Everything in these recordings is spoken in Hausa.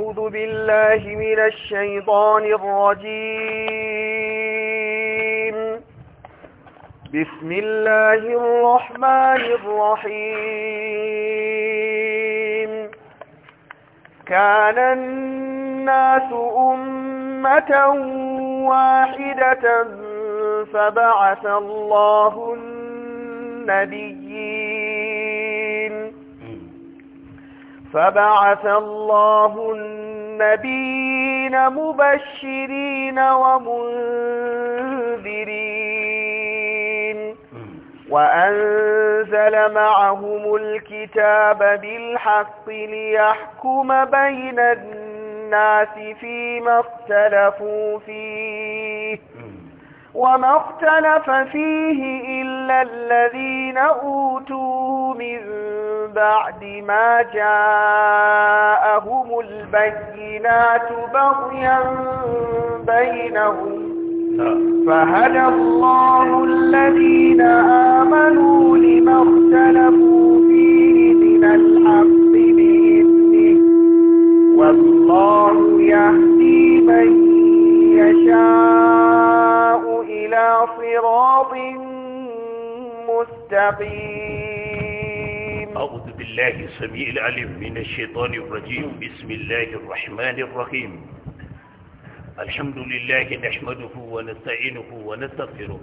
أعوذ بالله من الشيطان الرجيم بسم الله الرحمن الرحيم كان الناس أمة واحدة فبعث الله النبي فبعث الله النبيين مبشرين ومنذرين وأنزل معهم الكتاب بالحق ليحكم بين الناس فيما اختلفوا فيه وما اختلف فيه إلا الذين أوتوا من بعد ما جاءهم البينات بغيا بينهم فهدى الله الذين آمنوا لما اختلفوا فيه من الحق بإذنه والله يهدي من يشاء إلى صراط مستقيم أعوذ بالله السميع العليم من الشيطان الرجيم بسم الله الرحمن الرحيم الحمد لله نحمده ونستعينه ونستغفره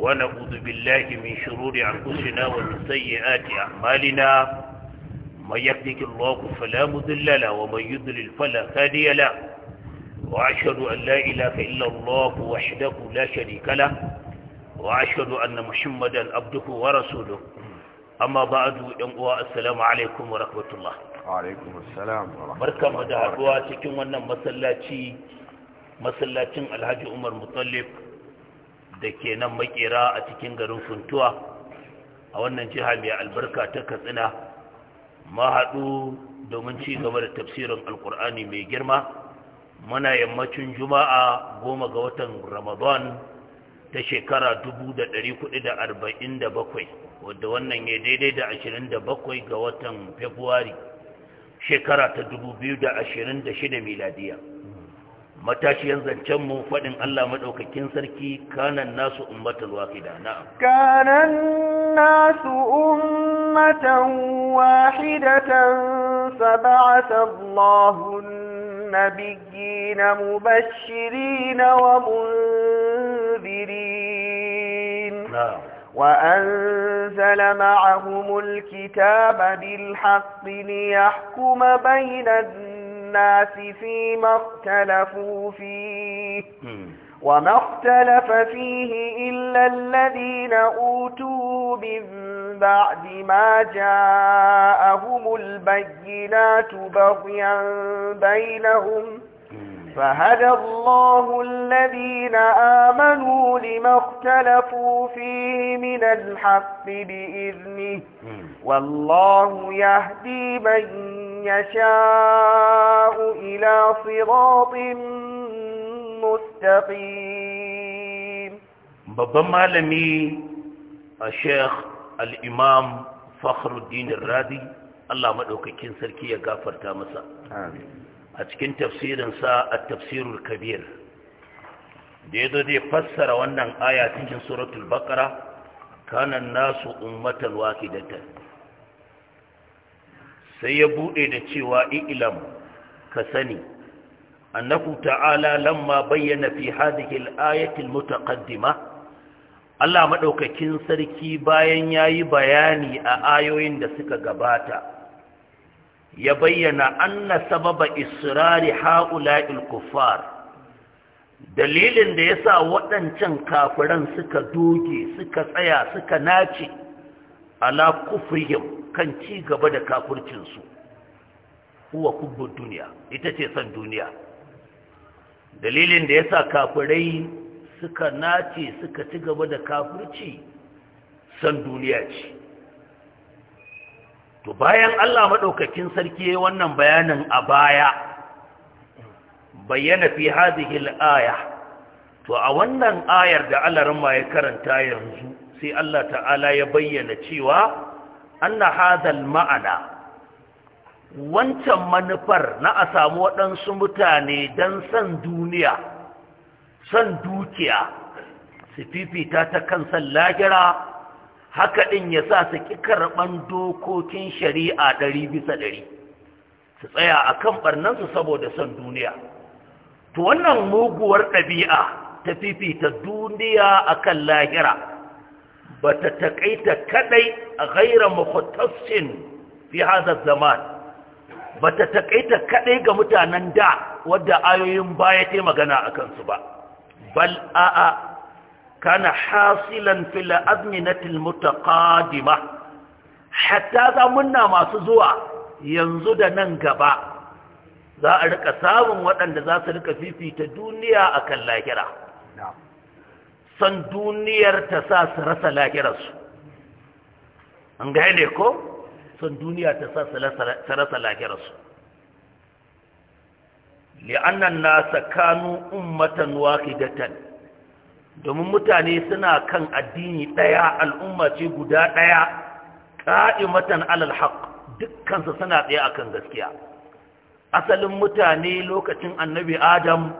ونعوذ بالله من شرور أنفسنا ومن سيئات أعمالنا من يهدك الله فلا مضل له ومن يضلل فلا هادي له وأشهد أن لا إله إلا الله وحده لا شريك له وأشهد أن محمدا عبده ورسوله amma a yan uwa assalamu alaikum wa rahmatullah wa alaikum assalam wa rahmatullah da haduwa cikin wannan masallaci masallacin Alhaji Umar Mutallib da ke nan makera a cikin garin Funtuwa a wannan jiha mai albarka ta Katsina ma haɗu domin ci gaba da tafsirin Alkur'ani mai girma muna yammacin Juma'a goma ga watan Ramadan ta shekara bakwai. wadda wannan ya daidai da 27 ga watan februari shekara ta 2026 miladiya matashiyan zancen mu faɗin Allah maɗaukakin sarki kanan nasu ummatal wahida na'am kanan nasu ummatan wahidatan sab'ata Allahu nabiyyin mubashirin wa munzirin na'am وأنزل معهم الكتاب بالحق ليحكم بين الناس فيما اختلفوا فيه وما اختلف فيه إلا الذين أوتوا من بعد ما جاءهم البينات بغيا بينهم فهدى الله الذين آمنوا لما اختلفوا فيه من الحق بإذنه والله يهدي من يشاء إلى صراط مستقيم بابا مالمي الشيخ الإمام فخر الدين الرادي الله مدوك كنسر كي يغافر تامسا آمين a cikin tafsirin sa, a tafsirul kabir da ya zo zai fassara wannan aya cikin suratul bakara kanan nasu ummatan wahidatan sai ya bude da cewa ilam ka sani annahu ta'ala lamma bayyana fi hadhihi al-ayati al mutaqaddima Allah Madaukakin sarki bayan yayi bayani a ayoyin da suka gabata ya bayyana anna sababa israri ha'ula'il kuffar dalilin da yasa waɗancan kafiran suka doge suka tsaya suka nace ala kufrihim kan ci gaba da kafircinsu huwa kubbun duniya ita ce san duniya dalilin da yasa kafirai suka nace suka ci gaba da kafirci san duniya ce to bayan Allah maɗaukakin sarki ya wannan bayanin a baya bayyana fi hadhihi al-aya to a wannan ayar da Allah ya karanta yanzu sai Allah ta'ala ya bayyana cewa anna hadhal ma'ana wancan manufar na a samu waɗansu mutane don san duniya san dukiya su fifita ta kan san haka ɗin ya sa su ƙi karɓar dokokin shari'a ɗari bisa ɗari su tsaya a kan ɓarnansu saboda son duniya to wannan muguwar ɗabi'a ta fifita duniya a kan lahira ba ta taƙaita kaɗai a gaira makwatafsin fi hazar zaman ba ta taƙaita kaɗai ga mutanen da wadda ayoyin baya ta magana a kansu ba bal a'a kana hasilan fil adminatil mutaqadima hatta zamunna masu zuwa yanzu da nan gaba za a rika samun waɗanda za su rika fifita duniya akan lahira san duniyar ta sa su rasa lahirarsu an ne ko san duniya ta sa su rasa lahirarsu ummatan wahidatan domin mutane suna kan addini ɗaya al'umma ce guda ɗaya ƙa'imatan alal haq dukkansu suna tsaye akan gaskiya asalin mutane lokacin annabi adam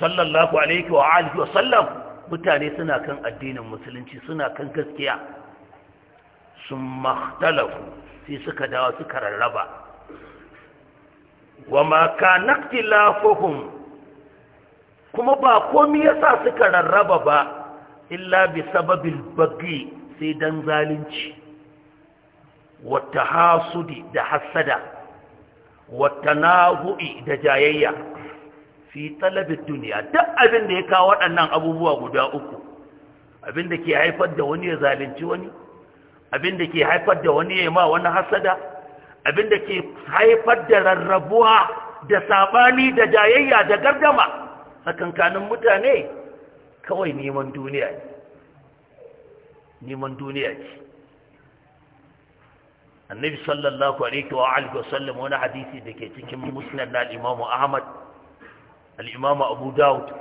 sallallahu alaihi wa alihi wa sallam mutane suna kan addinin musulunci suna kan gaskiya sun makhtalafu sai suka dawo suka rarraba wa ma kanaktilafuhum kuma ba komi yasa suka rarraba ba illa bi sababil bagi sai dan zalunci wata hasudi da hasada wata nahu'i da jayayya fi talabin duniya duk abin da ya kawo waɗannan abubuwa guda uku abin da ke haifar da wani ya zalunci wani abin da ke haifar da wani ya ma wani hasada abin da ke haifar da rarrabuwa da sabani da jayayya da gardama tsakankanin mutane kawai neman duniya ne neman duniya ce annabi sallallahu alaihi wa alihi wasallam wani hadisi da ke cikin musnad na al-imamu ahmad al-imamu abu dawud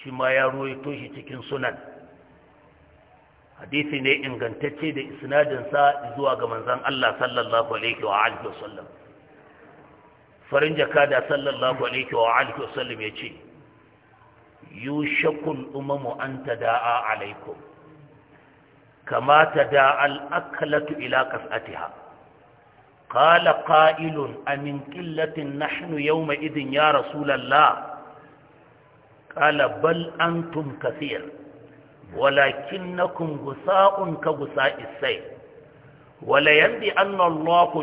shi ma ya ruwaito shi cikin sunan hadisi ne ingantacce da isnadinsa zuwa ga manzon Allah sallallahu alaihi wa alihi wasallam farin jaka da sallallahu alaihi wa alihi wasallam ya ce yushakun umamu an ta da'a alaikum Kamata ta da'al akalatu ila kas'atiha Kala kailun amin qillatin yau yawma idin ya rasulallah qala bal antum kathir walakinnakum gusa'un ka gusa'is sayy wala yandi anna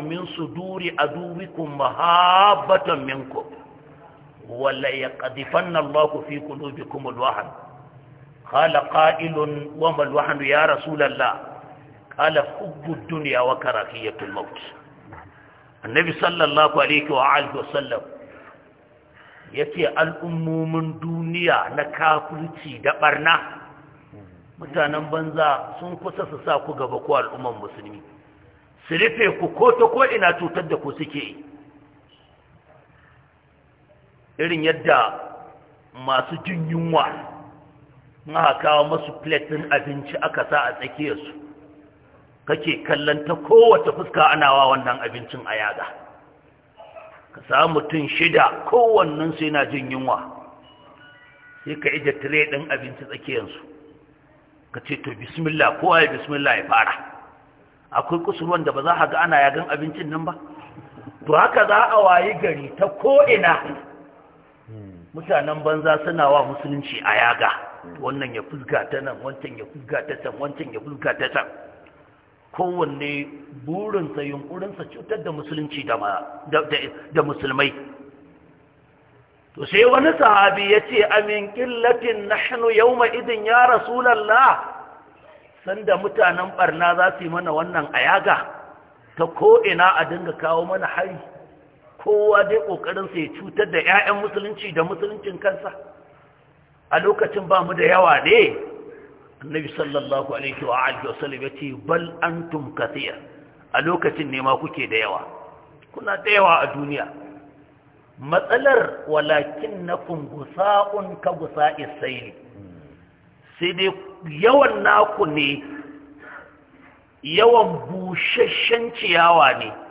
min suduri aduwikum mahabbatan minkum wala ya ƙadifan na lafi fi kudu bi kuma luwahan Kala ƙa’ilun wa maluwahan ya rasulallah ƙala hukun duniya wa karafiyyatul mawut annabi sallallahu alaihi wa alihi wasallam ya ce al’ummumin duniya na kafirci da ɓarna mutanen banza sun kusa su sa ku gaba ku al’umman musulmi su rufe ku ko ta ko ina cutar da ku suke irin yadda masu jin yunwa na kawo masu ɗin abinci aka sa a tsakiyarsu kake kallon ta kowace fuska ana wa wannan abincin a yaga ka samu mutum shida kowannen su yana jin yunwa sai ka ije tire ɗin abinci tsakiyarsu ka ce to bismillah kowa ya bismillah ya fara akwai kusurwan da ba za a ga ana yagan abincin nan ba to haka za a wayi gari ta ko ina. mutanen banza suna wa musulunci a yaga wannan ya fuska ta nan wancan ya fuska ta can wancan ya fuska ta can kowanne burinsa yunkurinsa cutar da musulunci da musulmai to sai wani sahabi ya ce amin killatin nahnu yawma idin ya rasulallah sanda mutanen barna za su yi mana wannan ayaga ta ko'ina a dinga kawo mana hari kowa dai ƙoƙarinsa ya cutar da 'ya'yan musulunci da musuluncin kansa a lokacin ba mu da yawa ne annabi sallallahu alaihi wa alihi wasallam ya ce bal antum kathiya a lokacin ne ma kuke da yawa kuna da yawa a duniya matsalar walakin na gusa'un ka gusa'i sai sai dai yawan naku ne yawan busasshen ciyawa ne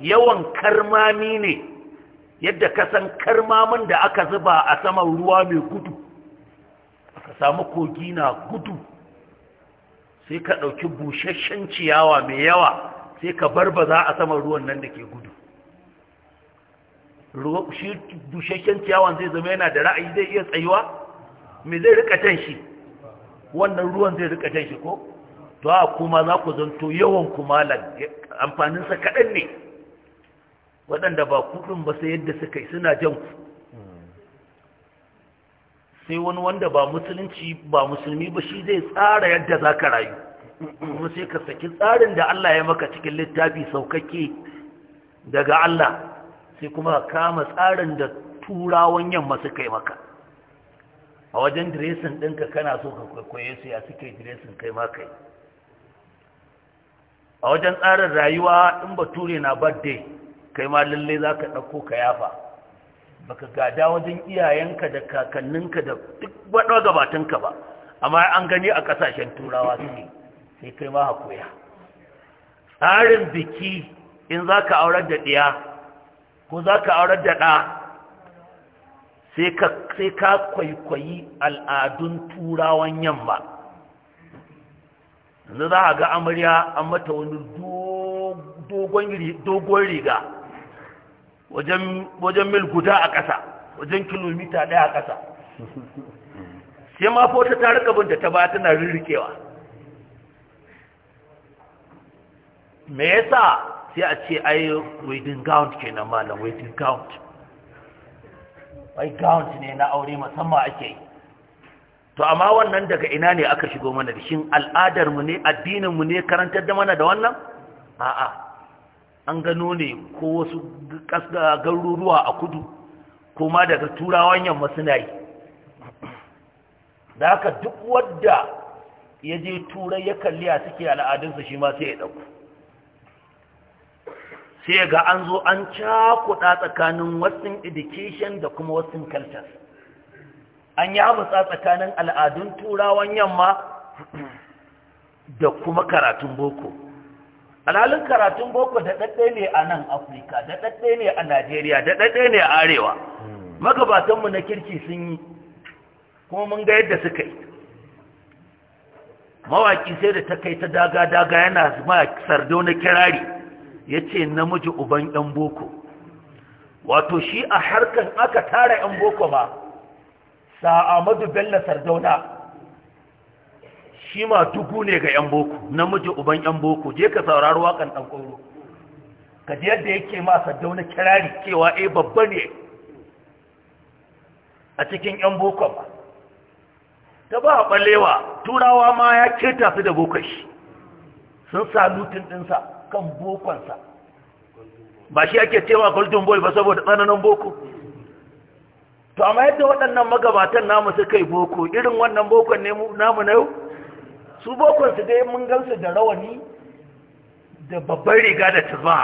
yawan karmami ne yadda ka san karmamin da aka zuba a saman ruwa mai gudu aka samu kogi na gudu sai ka ɗauki busasshen ciyawa mai yawa sai ka barbaza a saman ruwan nan da ke gudu shi busasshen ciyawan zai zama yana da ra'ayi zai iya tsayuwa me zai rika can shi wannan ruwan zai rika can shi ko to a kuma za ku zanto yawan kuma sa kaɗan ne waɗanda ba kuɗin ba sai yadda suka yi suna jan ku sai wani wanda ba musulunci ba musulmi ba shi zai tsara yadda za ka rayu kuma sai ka saki tsarin da Allah ya maka cikin littafi saukake daga Allah sai kuma ka kama tsarin da turawan yamma suka yi maka a wajen diresin ɗinka kana so ka kwaikwaye su ya suke diresin kai maka yi a wajen tsarin rayuwa in bature na birthday kai ma lalle za ka ɗauko ka yafa Ba ka gada wajen iyayenka da kakanninka da duk waɗo gabatanka ba amma an gani a ƙasashen turawa suke sai kai ma hakoya tsarin biki in za ka aurar da ɗiya ko za ka aurar da ɗa sai ka kwaikwayi al'adun turawan yamma yanzu za a ga amarya an mata wani dogon riga wajen mil guda a ƙasa wajen kilomita ɗaya a ƙasa sai ma fota ta rika bin da ta ba tana rirrikewa me yasa sai a ce ai gaunt ke kenan malam wedding gaunt ai gaunt ne na aure musamman ake yi to amma wannan daga ina ne aka shigo mana da shin al'adar mu ne addinin mu ne karantar da mana da wannan a'a an gano ne ko wasu garuruwa a kudu ko daga turawan yamma suna yi da haka duk wadda ya je turai ya kalli a suke al'adunsa shi ma sai ya ɗauku sai ga an zo an cakuɗa tsakanin western education da kuma western cultures an yi abusa tsakanin al'adun turawan yamma da kuma karatun boko alhalin karatun boko da ɗaɗɗe ne a nan afirka da ɗaɗɗe ne a najeriya da ɗaɗɗe ne a arewa hmm. magabatanmu na kirki sun yi kuma mun ga yadda suka yi mawaƙi sai da ta kai ta daga-daga yana a sardo na kirari ya ce namiji uban 'yan boko wato shi a harkar aka tara 'yan boko ba sa'amadu bello Sardona. shi ma tuku ne ga yan boko namiji uban yan boko je ka saurari wakan ɗan ƙoro ka ji yadda yake ma dauna na kirari cewa e babba ne a cikin yan boko ba ta ba balewa turawa ma ya ce su da bokon shi sun sa lutin ɗinsa kan bokonsa ba shi ake cewa golden boy ba saboda tsananin boko to amma yadda waɗannan magabatan namu suka yi boko irin wannan bokon ne namu na yau su bakon su dai mun gansu da rawani da babbar riga da tuzma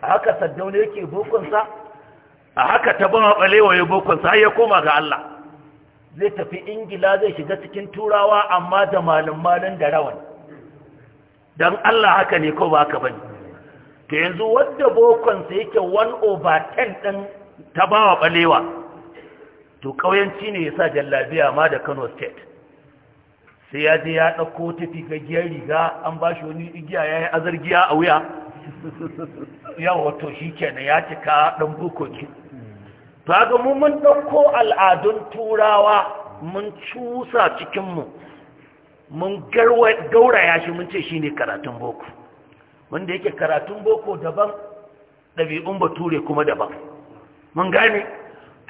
a haka saddauna yake bokonsa a haka ta bama balewa ya bokonsa har ya koma ga Allah zai tafi ingila zai shiga cikin turawa amma da malin-malin da rawan don Allah haka ne ko ba ka bane ta yanzu wadda bokonsa yake 1 over 10 ɗin ta bawa balewa to ƙauyanci ne ya sa jallabiya ma da kano state sai ya je ya ɗauko ta figaggiyar riga an ba shi wani igiya ya yi azargiya a wuya ya wato shi kenan ya cika ɗan bukoki ta mu mun ɗauko al'adun turawa mun cusa cikinmu mun gauraya shi mun ce shi ne karatun boko wanda yake karatun boko daban ɗabi'un bature kuma daban mun gane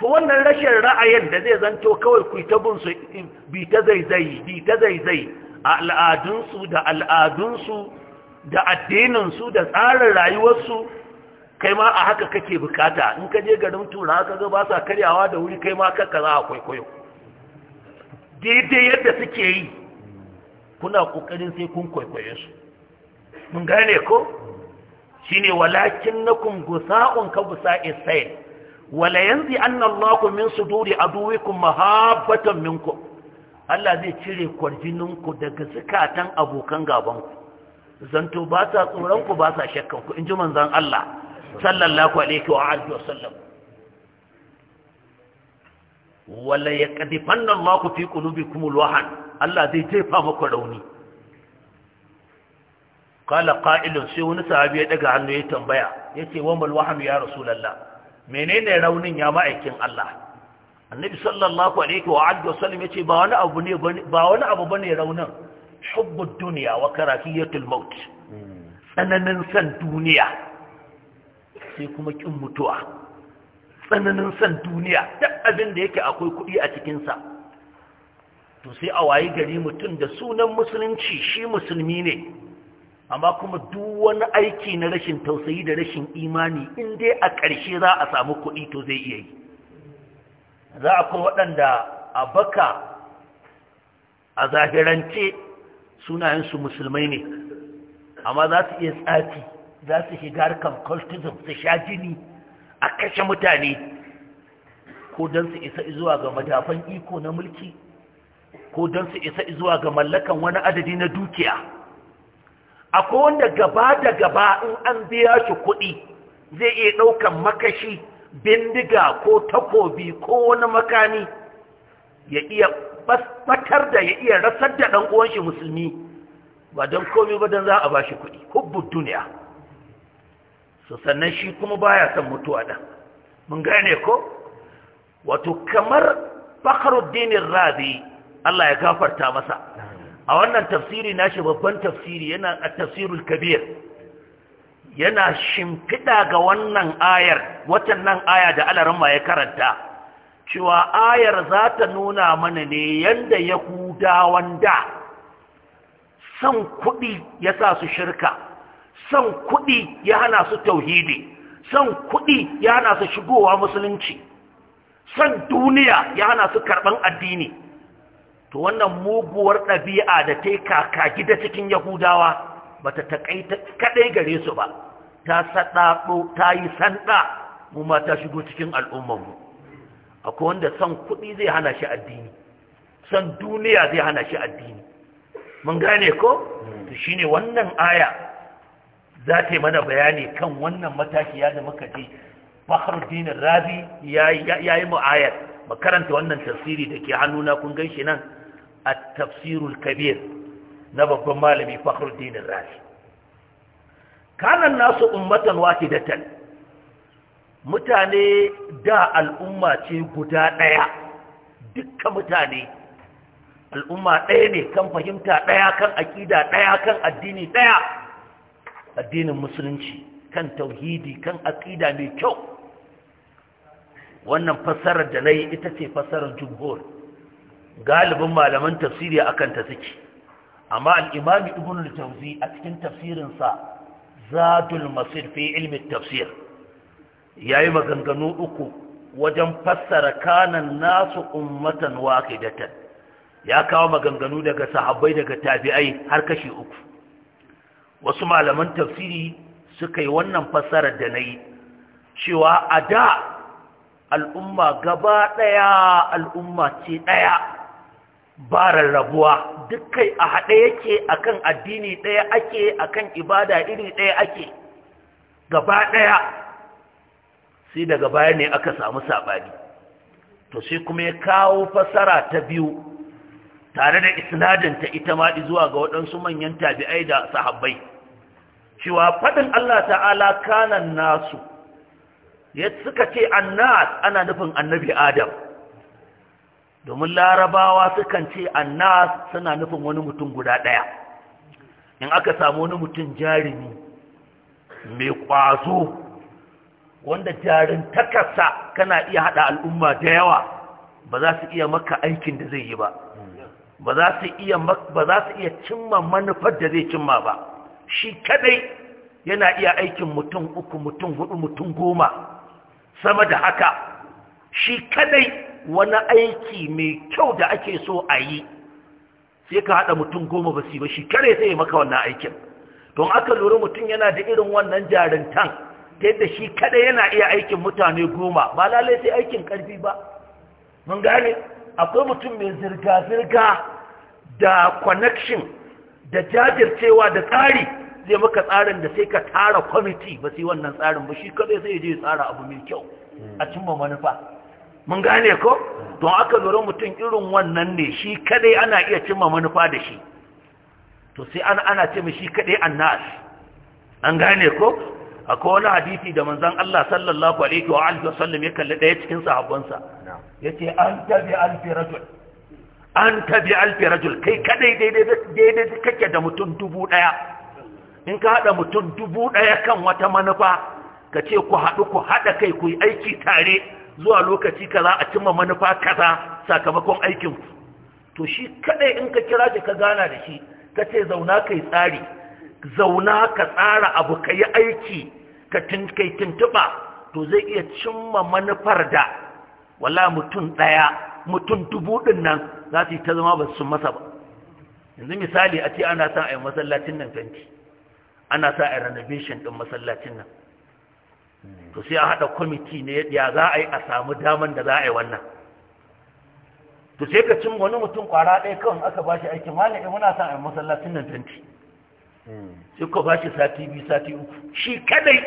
to wannan rashin ra'ayin da zai zanto kawai ku ta bin su bi ta zaizai bi ta zaizai a al'adunsu da al'adunsu da addinin su da tsarin rayuwarsu kai ma a haka kake bukata in ka je garin tura ka ga ba sa karyawa da wuri kai ma kanka za a kwaikwayo daidai yadda suke yi kuna kokarin sai kun kwaikwaye su mun gane ko shine walakin nakum gusa'un ka gusa'i sai wala yanzu annallahu min suduri aduwikum mahabbatan minkum Allah zai cire kwarjininku daga zukatan abokan gabanku zanto ba sa tsoronku ba sa shakkanku in ji manzan Allah sallallahu alaihi wa alihi sallam wala yaqdifanna Allahu fi qulubikum alwahan Allah zai jefa maku rauni Kala qa'ilun sai wani sahabi ya daga hannu ya tambaya yace wa mal ya rasulullah menene raunin ya ma'aikin Allah annabi sallallahu alaihi wa alihi wasallam yace ba wani abu ne ba wani abu bane raunin hubbud dunya wa karahiyatul maut tsananin san duniya sai kuma kin mutuwa tsananin san duniya duk abin da yake akwai kuɗi a cikin sa to sai a wayi gari mutum da sunan musulunci shi musulmi ne amma kuma duk wani aiki na rashin tausayi da rashin imani in dai a ƙarshe za a samu kuɗi to zai iya yi za a kuma waɗanda a baka a zahirance sunayensu musulmai ne amma za su iya tsaki, za su shiga harkar cultism su sha jini a kashe mutane ko don su isa zuwa ga madafan iko na mulki ko don su isa zuwa ga mallakan wani adadi na dukiya akwai wanda gaba da gaba in an biya shi kuɗi zai iya ɗaukan makashi bindiga ko takobi ko wani makami ya iya batar da ya iya rasar da ɗan shi musulmi ba don komi ba don za a ba shi kuɗi hubbun duniya su sannan shi kuma baya son mutuwa ɗan mun gane ko wato kamar bakarudinin rabi Allah ya gafarta masa a wannan tafsiri shi babban tafsiri yana a tafsirul kabir yana shimfiɗa ga wannan ayar watan nan aya da alarma ya karanta cewa ayar za ta nuna mana ne yanda ya kudawan da San kuɗi ya sa su shirka son kuɗi ya hana su tauhidi son kuɗi ya hana su shigowa musulunci son duniya ya hana su karɓan addini to wannan muguwar ɗabi'a da ta yi kaka gida cikin yahudawa ba ta taƙaita kaɗai gare su ba ta saɗaɗo ta yi sanɗa mu ta shigo cikin al'ummanmu akwai wanda son kuɗi zai hana shi addini son duniya zai hana shi addini mun gane ko to shine wannan aya za ta yi mana bayani kan wannan mataki ya da muka ji Fakhruddin Razi ya yi mu makaranta wannan tafsiri da ke hannuna kun gan shi nan A tafsirul kabir na babban malami Fakhruddin Razi kana nasu ummatan wahidatan mutane da al'umma ce guda ɗaya, duka mutane al'umma ɗaya ne kan fahimta ɗaya, kan aƙida ɗaya, kan addini ɗaya. addinin musulunci kan tauhidi kan aƙida mai kyau wannan fassarar da nayi ita ce fassarar jumhur galibin malaman tafsiri akan ta suke amma alimami imam ibn al a cikin tafsirin sa zadul masir fi ilmi tafsir yayi maganganu uku wajen fassara kanan nasu ummatan waqidatan ya kawo maganganu daga sahabbai daga tabi'ai har kashi uku wasu malaman tafsiri suka yi wannan fassarar da na yi cewa a da al'umma gaba ɗaya al'umma ce ɗaya ba rarrabuwa duk kai a haɗe yake akan addini ɗaya ake akan ibada iri ɗaya ake gaba ɗaya sai daga baya ne aka samu saɓani to sai kuma ya kawo fasara ta biyu tare da isnadinta ita maɗi zuwa ga waɗansu manyan tabi'ai da sahabbai cewa faɗin Allah ta'ala kanan nasu ya suka ce annas ana nufin annabi adam domin larabawa sukan ce annas suna nufin wani mutum guda ɗaya in aka samu wani mutum jarumi mai ƙwazo wanda jarin takasa kana iya haɗa al'umma da yawa ba za su iya maka aikin da zai yi ba ba za su iya cimma manufar da zai cimma ba shi kadai yana iya aikin mutum uku mutum hudu mutum goma sama da haka shi kadai wani aiki mai kyau da ake so a yi sai ka haɗa mutum goma ba su ba shi kare sai maka wannan aikin don aka lura mutum yana da irin wannan jarintan ta yadda shi kada yana iya aikin mutane goma ba lalai sai aikin ƙarfi ba mun gane akwai mutum mai zirga-zirga da connection da jajircewa da tsari zai maka tsarin da sai ka tara kwamiti ba sai wannan tsarin ba shi kada sai ya je tsara abu mai kyau a cimma manufa mun gane ko don aka lura mutum irin wannan ne shi kadai ana iya cimma manufa da shi to sai ana ana ce shi kadai annas an gane ko akwai wani hadisi da manzon Allah sallallahu alaihi wa alihi wasallam ya kalli daya cikin sahabbansa yace an tabi alfi rajul an tabi alfi rajul kai kadai daidai daidai kake da mutum dubu daya in ka hada mutum dubu daya kan wata manufa ka ce ku hadu ku haɗa kai ku yi aiki tare zuwa lokaci kaza a cimma manufa kaza sakamakon aikin ku to shi kadai in ka kira shi ka gana da shi ka ce zauna kai tsari zauna ka tsara abu ka aiki ka kai tuntuɓa to zai iya cimma manufar da wala mutum ɗaya mutum dubu din nan za su yi ta zama ba su masa ba yanzu misali a ce ana sa a yi masallacin nan fenti ana sa a renovation ɗin masallacin nan to sai a haɗa kwamiti ne ya za a yi a samu daman da za a yi wannan to sai ka cin wani mutum kwara ɗaya kawai aka ba shi aiki malaka eh, muna sa a yi masallacin nan tanti sai ka ba sati biyu sati uku shi kadai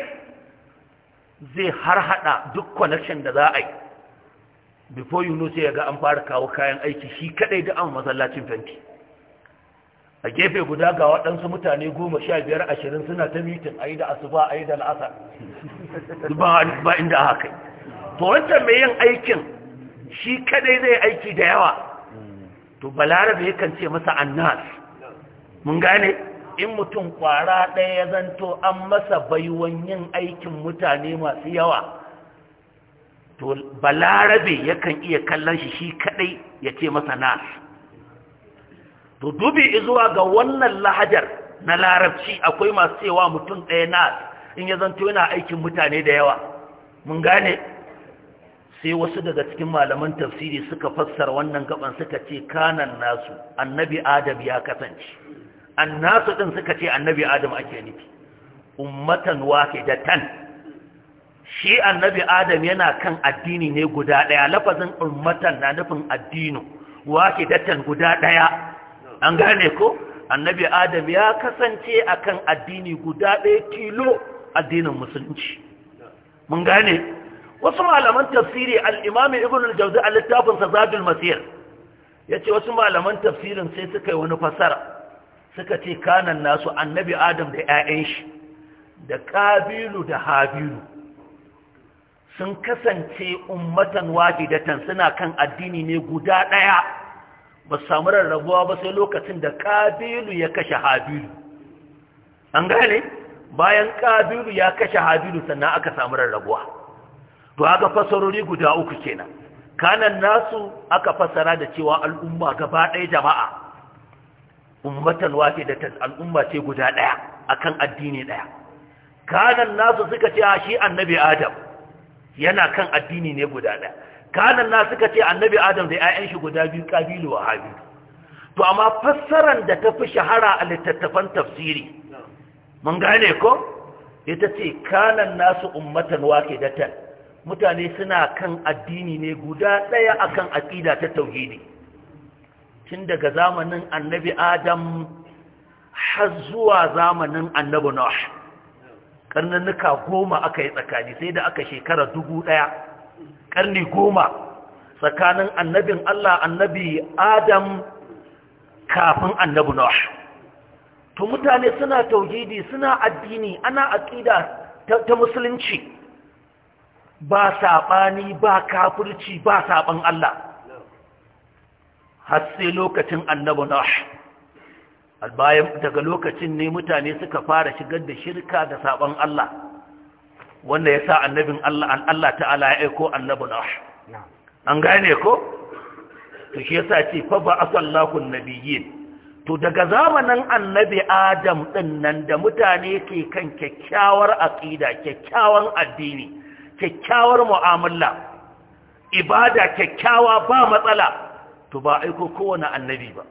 zai har haɗa duk connection da za a yi before you know sai ya ga an fara kawo kayan aiki shi kadai duk an masallacin tanti a gefe guda ga waɗansu mutane goma sha biyar ashirin suna ta mitin a yi da asuba a yi da la'asa ba inda kai. to wancan mai yin aikin shi kadai zai aiki da yawa to balarabe yakan ce masa annas mun gane in mutum kwara ɗaya ya zanto an masa baiwan yin aikin mutane masu yawa to balarabe yakan iya kallon shi shi kadai ya ce masa nas dubi zuwa ga wannan lahajar na larabci akwai masu cewa mutum ɗaya na in ya zanto yana aikin mutane da yawa mun gane sai wasu daga cikin malaman tafsiri suka fassar wannan gaban suka ce kanan nasu annabi adam ya kasance annasu din suka ce annabi adam ake nufi ummatan wahidatan shi annabi adam yana kan addini ne guda daya lafazin ummatan na nufin addinu wahidatan guda ɗaya. an gane ko annabi adam ya kasance akan addini guda ɗaya tilo addinin musulunci mun gane wasu malaman tafsiri al-imam ibn al-jawzi a littafin sa zadul ya ce wasu malaman tafsirin sai suka yi wani fasara suka ce kanan nasu annabi adam da 'ya'yan shi da kabilu da habilu sun kasance ummatan wahidatan suna kan addini ne guda ɗaya ba su samu rarrabuwa ba sai lokacin da ƙabilu ya kashe habilu an gane bayan ƙabilu ya kashe habilu sannan aka samu rarrabuwa to aka fasarori guda uku kenan kanan nasu aka fasara da cewa al'umma gaba ɗaya jama'a ummatan wace da al'umma ce guda ɗaya akan addini ɗaya kanan nasu suka ce shi annabi adam yana kan addini ne guda ɗaya kanan na suka ce annabi adam da 'ya'yan shi guda biyu kabilu wa habi to amma fassaran da ta fi shahara a littattafan tafsiri mun gane ko ita ce kanan nasu ummatan waqidatan mutane suna kan addini ne guda daya akan aƙida ta tauhidi tun daga zamanin annabi adam har zuwa zamanin annabi nuh karnanuka goma aka yi tsakani sai da aka shekara dubu ɗaya. karni goma tsakanin annabin Allah annabi Adam kafin annabi Nuh to mutane suna tauhidi suna addini ana aqida ta, musulunci ba sabani ba kafirci ba saban Allah har sai lokacin annabi Nuh albayan daga lokacin ne mutane suka fara shigar da shirka da saban Allah wanda ya sa annabin Allah Allah ta'ala ya aiko annabi Nuh an gane ko to shi yasa ce fa ba asallahu an-nabiyyin to daga zamanin annabi Adam din nan da mutane ke kan kyakkyawar aqida kyakkyawan addini kyakkyawar mu'amala ibada kyakkyawa ba matsala to ba aiko kowane annabi ba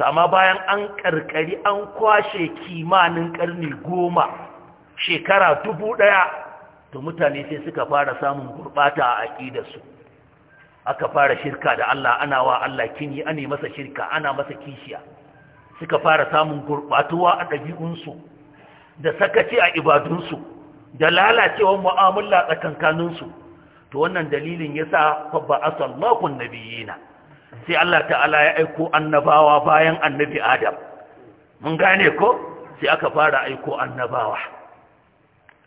to amma bayan an karkari an kwashe kimanin karni goma shekara dubu ɗaya to mutane sai suka fara samun gurɓata a aƙidarsu aka fara shirka da Allah ana wa Allah kini ane masa shirka ana masa kishiya suka fara samun gurɓatuwa a ɗabi'unsu da sakaci a ibadunsu da lalacewar mu'amala tsakankaninsu to wannan dalilin ya sa kwabba asallakun nabiyina sai Allah ta'ala ya aiko annabawa bayan annabi Adam mun gane ko sai aka fara aiko annabawa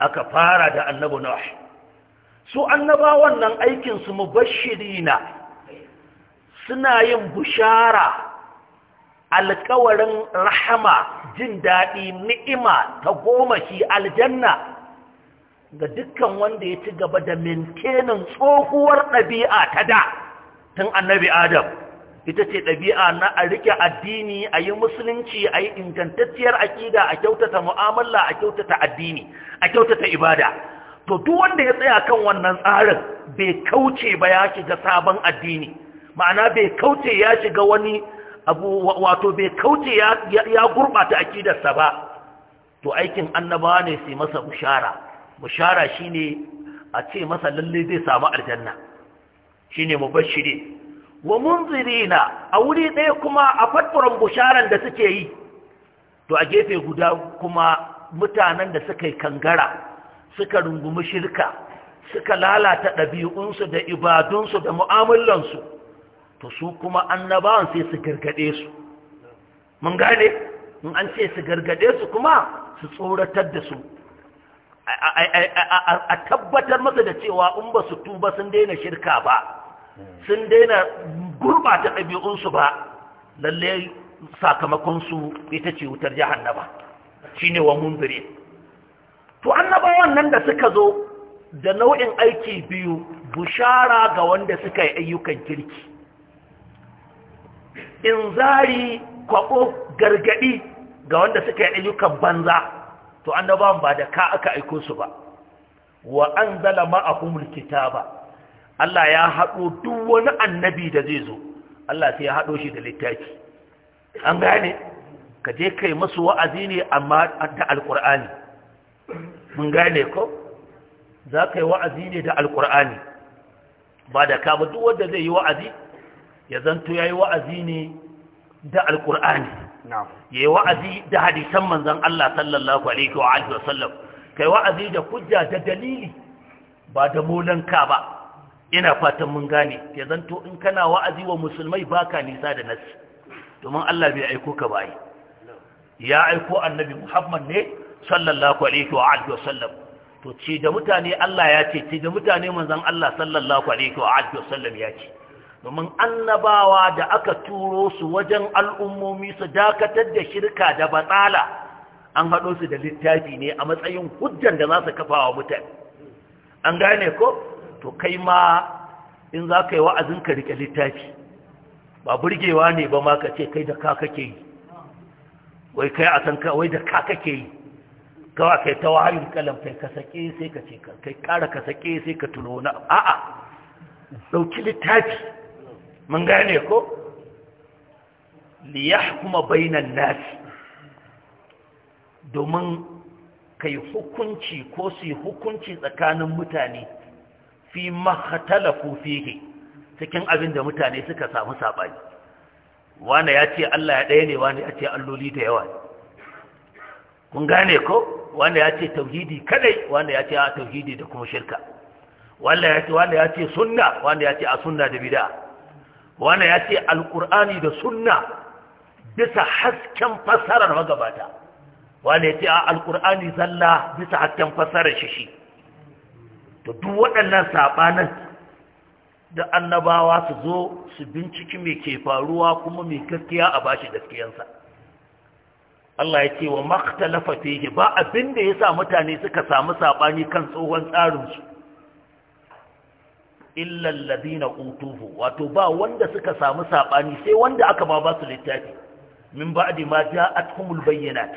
aka fara da annabu nuh su annaba wannan aikinsu mubashirina suna yin bushara alkawarin rahama jin daɗi ni'ima ta goma shi aljanna ga dukkan wanda ya ci gaba da mintenin tsohuwar ɗabi'a ta da tun annabi adam ita ce ɗabi'a na a rike addini a yi musulunci a yi ingantacciyar aƙida a kyautata mu'amala a kyautata addini a kyautata ibada to duk wanda ya tsaya kan wannan tsarin bai kauce ba ya shiga sabon addini ma'ana bai kauce ya shiga wani abu wato bai kauce ya, gurɓata aƙidarsa ba to aikin annabawa ne sai masa bushara bushara shine a ce masa lalle zai samu aljanna shine mubashiri wa munzirina a wuri ɗaya kuma a fadfuran busharan da suke yi to a gefe guda kuma mutanen da suka yi kangara suka rungumi shirka suka lalata ɗabi'unsu da ibadunsu da mu'amullansu to su kuma annabawan sai su gargaɗe su mun gane in an ce su gargaɗe su kuma su tsoratar da su a tabbatar masa da cewa in ba su tuba sun daina shirka ba sun daina gurbata ɗabi'unsu ba lalle sakamakonsu ita ce wutar Shi ne wa munzire to annabawan nan da suka zo da nau'in aiki biyu bushara ga wanda suka yi ayyukan kirki zari kwaɓo gargaɗi ga wanda suka yi ayyukan banza to annabawan ba da ka aka aiko su ba wa a ma'ahumul ba. Allah ya haɗo duk wani annabi da zai zo Allah sai ya haɗo shi da littafi an gane ka je kai masu wa'azi ne amma da alƙur'ani mun gane ko za ka yi wa'azi ne da alƙur'ani ba da kama duk wanda zai yi wa'azi ya zanto ya yi wa'azi ne da alƙur'ani ya yi wa'azi da hadisan manzan Allah sallallahu alaihi wa sallam kai wa'azi da kujja da dalili ba da molanka ba ina fatan mun gane ya zanto in kana wa'azi wa musulmai baka nisa da nas domin Allah bai aiko ka bai ya aiko annabi Muhammad ne sallallahu alaihi wa alihi wa sallam to ce da mutane Allah ya ce ce da mutane manzon Allah sallallahu alaihi wa alihi wa sallam ya ce domin annabawa da aka turo su wajen al'ummomi su dakatar da shirka da batsala an haɗo su da littafi ne a matsayin hujjan da za su kafa wa mutane an gane ko to kai ma in za ka yi wa'azin ka riƙe littafi ba burgewa ne ba ma ka ce kai da ka kake yi wai kai a san wai da ka kake yi kawa kai ta wahayin kalam kai ka sake sai ka ce kai kara ka sake sai ka tuno na a'a ɗauki littafi mun gane ko liya kuma bainan nasi. domin kai hukunci ko su yi hukunci tsakanin mutane fi mahtalafu fihi cikin abin da mutane suka samu sabani wani ya ce Allah ya ɗaya ne wani ya ce alloli da yawa kun gane ko wani ya ce tauhidi kadai wani ya ce a tauhidi da kuma shirka wani ya ce wani ya ce sunna wani ya ce a sunna da bid'a wani ya ce alqur'ani da sunna bisa hasken fassarar magabata wani ya ce a alqur'ani zalla bisa hasken fassarar shi shi to duk waɗannan saɓanin da annabawa su zo su binciki mai ke faruwa kuma mai gaskiya a bashi gaskiyansa Allah ya ce wa makhtalafa fihi ba abin da sa mutane suka samu saɓani kan tsohon tsarinsu illa alladhina utuhu wato ba wanda suka samu saɓani sai wanda aka ba basu littafi min ba'di ma ja'atkumul bayyinat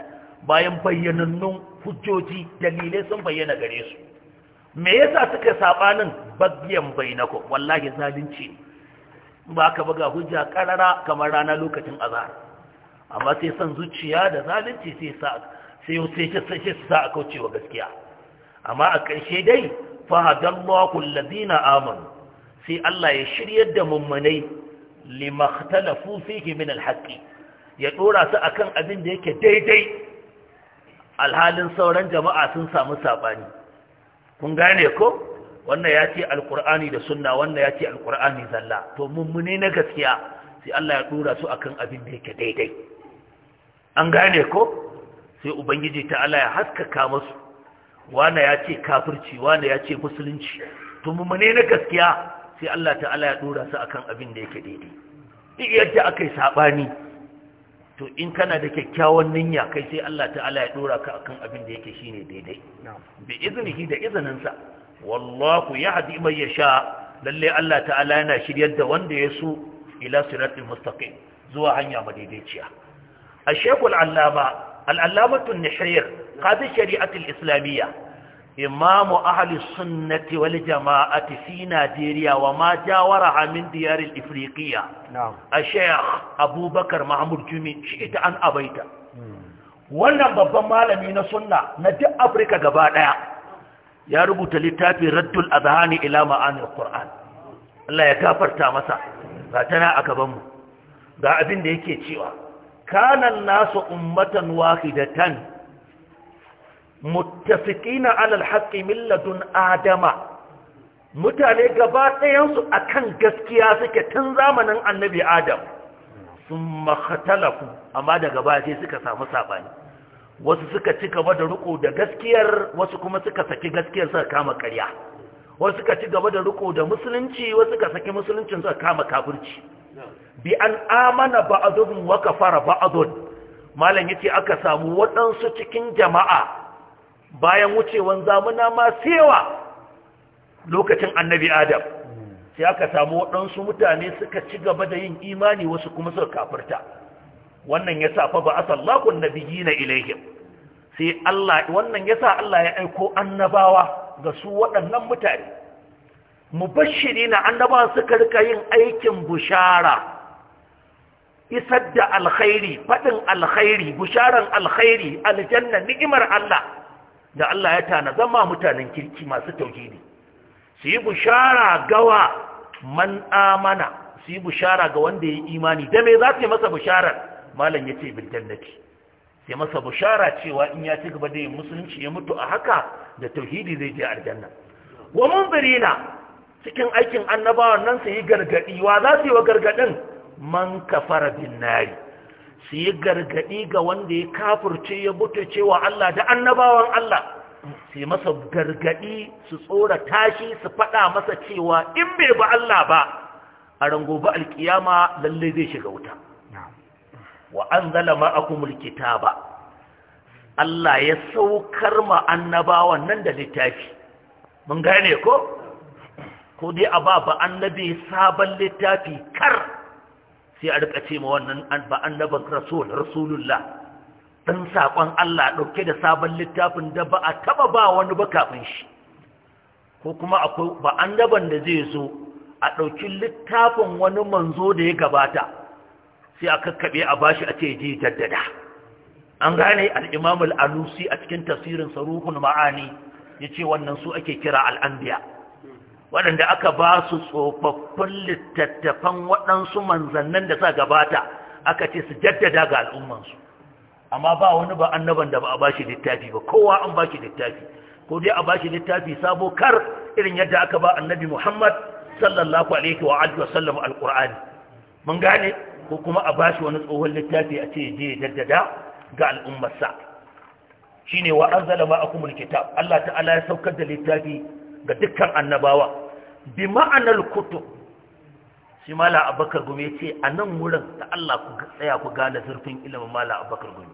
bayan bayyanannun hujjoji dalilai sun bayyana gare su me yasa suka sabanin bagiyan bainako? wallahi zalunci ba ka buga hujja karara kamar rana lokacin azhar amma sai san zuciya da zalunci sai sa sai sai sai sa a wa gaskiya amma a ƙarshe dai fahadallahu alladhina amanu sai Allah ya shiryar da mummunai limakhtalafu fihi min alhaqi ya dora su akan abin da yake daidai alhalin sauran jama'a sun samu sabani kun gane ko wannan ya ce alkur'ani da sunna wannan ya ce alkur'ani zalla to mummune na gaskiya sai Allah ya dora su akan abin da yake daidai an gane ko sai ubangiji ta Allah ya haskaka musu wanda ya ce kafirci wanda ya ce musulunci to mummune na gaskiya sai Allah ta ta'ala ya dora su akan abin da yake daidai duk yadda akai sabani to in kana da kyakkyawan niyya kai sai Allah ta'ala ya dora ka akan abin da yake shine daidai bi iznihi da izininsa wallahu yahdi man yasha lalle Allah ta'ala yana shiryar da wanda ya so ila siratin mustaqim zuwa hanya madaidaiciya a shaykh al-allama al-allamatu an-nahir qadi shari'atul islamiyya imamu ahli sunnati wal jama'ati fi Najeriya wa ma jawara min diyar al-ifriqiya al Abubakar Mahmud Jumi shi ta an abaita wannan babban malami na sunna na duk Afirka gaba daya ya rubuta littafi Raddul Adhani ila Ma'ani al-Qur'an Allah ya gafarta masa ga tana a gaban mu ga abin da yake cewa kana nasu ummatan wahidatan muttafiqina alal haqqi min ladun adama mutane gaba ɗayansu akan gaskiya suke tun zamanin annabi adam sun makhatalaku amma daga baya sai suka samu sabani wasu suka ci gaba da riko da gaskiyar wasu kuma suka saki gaskiyar suka kama ƙarya wasu suka ci gaba da riko da musulunci wasu suka saki musuluncin suka kama kafirci bi an amana ba'dhum wa kafara ba'd malam yace aka samu waɗansu cikin jama'a bayan wucewan zamuna masu yawa lokacin annabi adam sai aka samu waɗansu mutane suka ci gaba da yin imani wasu kuma suka kafirta wannan ya sa fa ba a nabiyina ilaihim sai Allah wannan ya sa Allah ya aiko annabawa ga su waɗannan mutane mubashiri na annabawa suka rika yin aikin bushara isar da alkhairi faɗin alkhairi busharan alkhairi aljanna ni'imar Allah da Allah ya tana zama mutanen kirki masu tauhidi su yi bushara gawa man amana su yi bushara ga wanda ya yi imani da me za su yi masa bushara malam ya ce jannati sai masa bushara cewa in ya ci gaba da yin musulunci ya mutu a haka da tauhidi zai je aljanna wa munzirina cikin aikin annabawan nan su yi gargadi wa za su yi wa gargadin man kafara bin nari su yi gargaɗi ga wanda ya kafurce ya mutu cewa Allah da annabawan Allah su masa gargaɗi su tsora tashi su faɗa masa cewa in bai ba Allah ba a rango ba alkiyama lallai zai shiga wuta wa an zala ma'akumul kitaba Allah ya saukar ma annabawan nan da littafi mun gane ko ko dai a ba ba annabi sabon littafi kar sai a rika ce ma wannan ba annabin rasul rasulullah dan sakon Allah dauke da sabon littafin da ba a taba ba wani ba kafin shi ko kuma akwai ba annaban da zai zo a dauki littafin wani manzo da ya gabata sai a kakkabe a bashi a ce je jaddada an gane al-imam al-alusi a cikin tafsirin saruhun ma'ani yace wannan su ake kira al-anbiya waɗanda aka ba su tsofaffin littattafan waɗansu manzannin da sa gabata aka ce su jaddada ga al'ummansu amma ba wani ba annaban da ba a ba shi littafi ba kowa an ba shi littafi ko dai a ba shi littafi sabo kar irin yadda aka ba annabi muhammad sallallahu alaihi wa alihi wasallam alqur'ani mun gane ko kuma a ba shi wani tsohon littafi a ce je jaddada ga al'ummarsa shine wa anzala ma'akumul kitab Allah ta'ala ya saukar da littafi ga dukkan annabawa bi ma'anar kutub shi mala abakar gume ce a nan wurin da Allah ku tsaya ku gane zurfin ilimin mala abakar gumi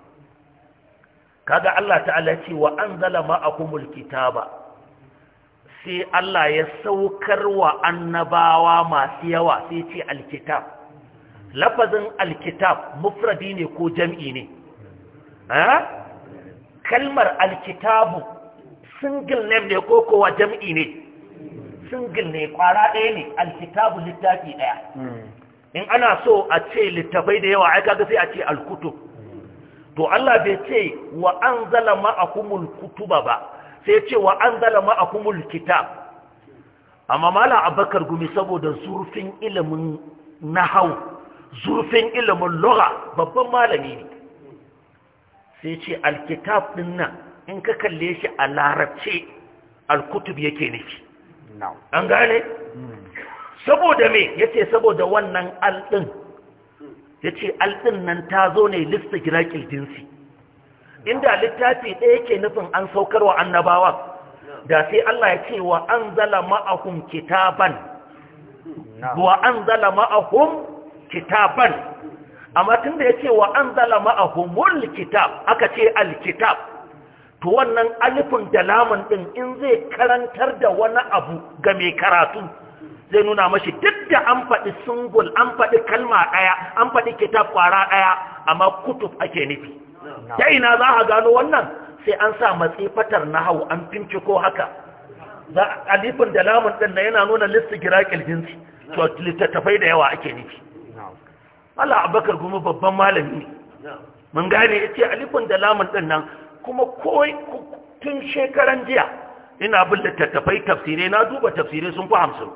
kaga Allah ta'ala ce wa anzala ma'akumul kitaba sai Allah ya saukar wa annabawa masu yawa sai ce alkitab lafazin alkitab mufradi ne ko jam'i ne eh? kalmar alkitabu single name ne ko kowa jam'i ne single ne kwara ɗaya ne alkitabu littafi ɗaya hmm. in ana so a ce littafai da yawa aika ga sai a ce alkutub to Allah bai ce wa an zala ma'akumul kutuba ba sai ce wa an zala ma'akumul kitab amma mala abakar gumi saboda zurfin ilimin nahau zurfin ilimin lura babban malami ne sai ce alkitab ɗin nan in ka kalle shi a larabce alkutub yake nufi an gane saboda me Ya ce saboda wannan aldin ce aldin nan ta zo ne lista girakil jinsi inda littafi ɗaya yake nufin an saukarwa annabawa da sai Allah ya ce wa an zala ma'ahun kitaban wa an zala ma'ahun kitaban amma tunda ce wa an anzala ma'ahumul kitab aka ce alkitab to wannan alifin da lamun din in zai karantar da wani abu ga mai karatu zai nuna mashi duk da an faɗi singul an faɗi kalma ɗaya an faɗi kitab ƙwara ɗaya amma kutub ake nufi ta ina za a gano wannan sai an sa matsifatar na hau an ko haka alifin da lamun ɗin na yana nuna lissu giraƙil To littattafai da yawa ake nufi Allah abakar gumi babban malami ne mun gane ya ce alifin da lamun ɗin nan kuma kowai tun shekaran jiya ina bin littattafai tafsirai na duba tafsirai sun fi hamsin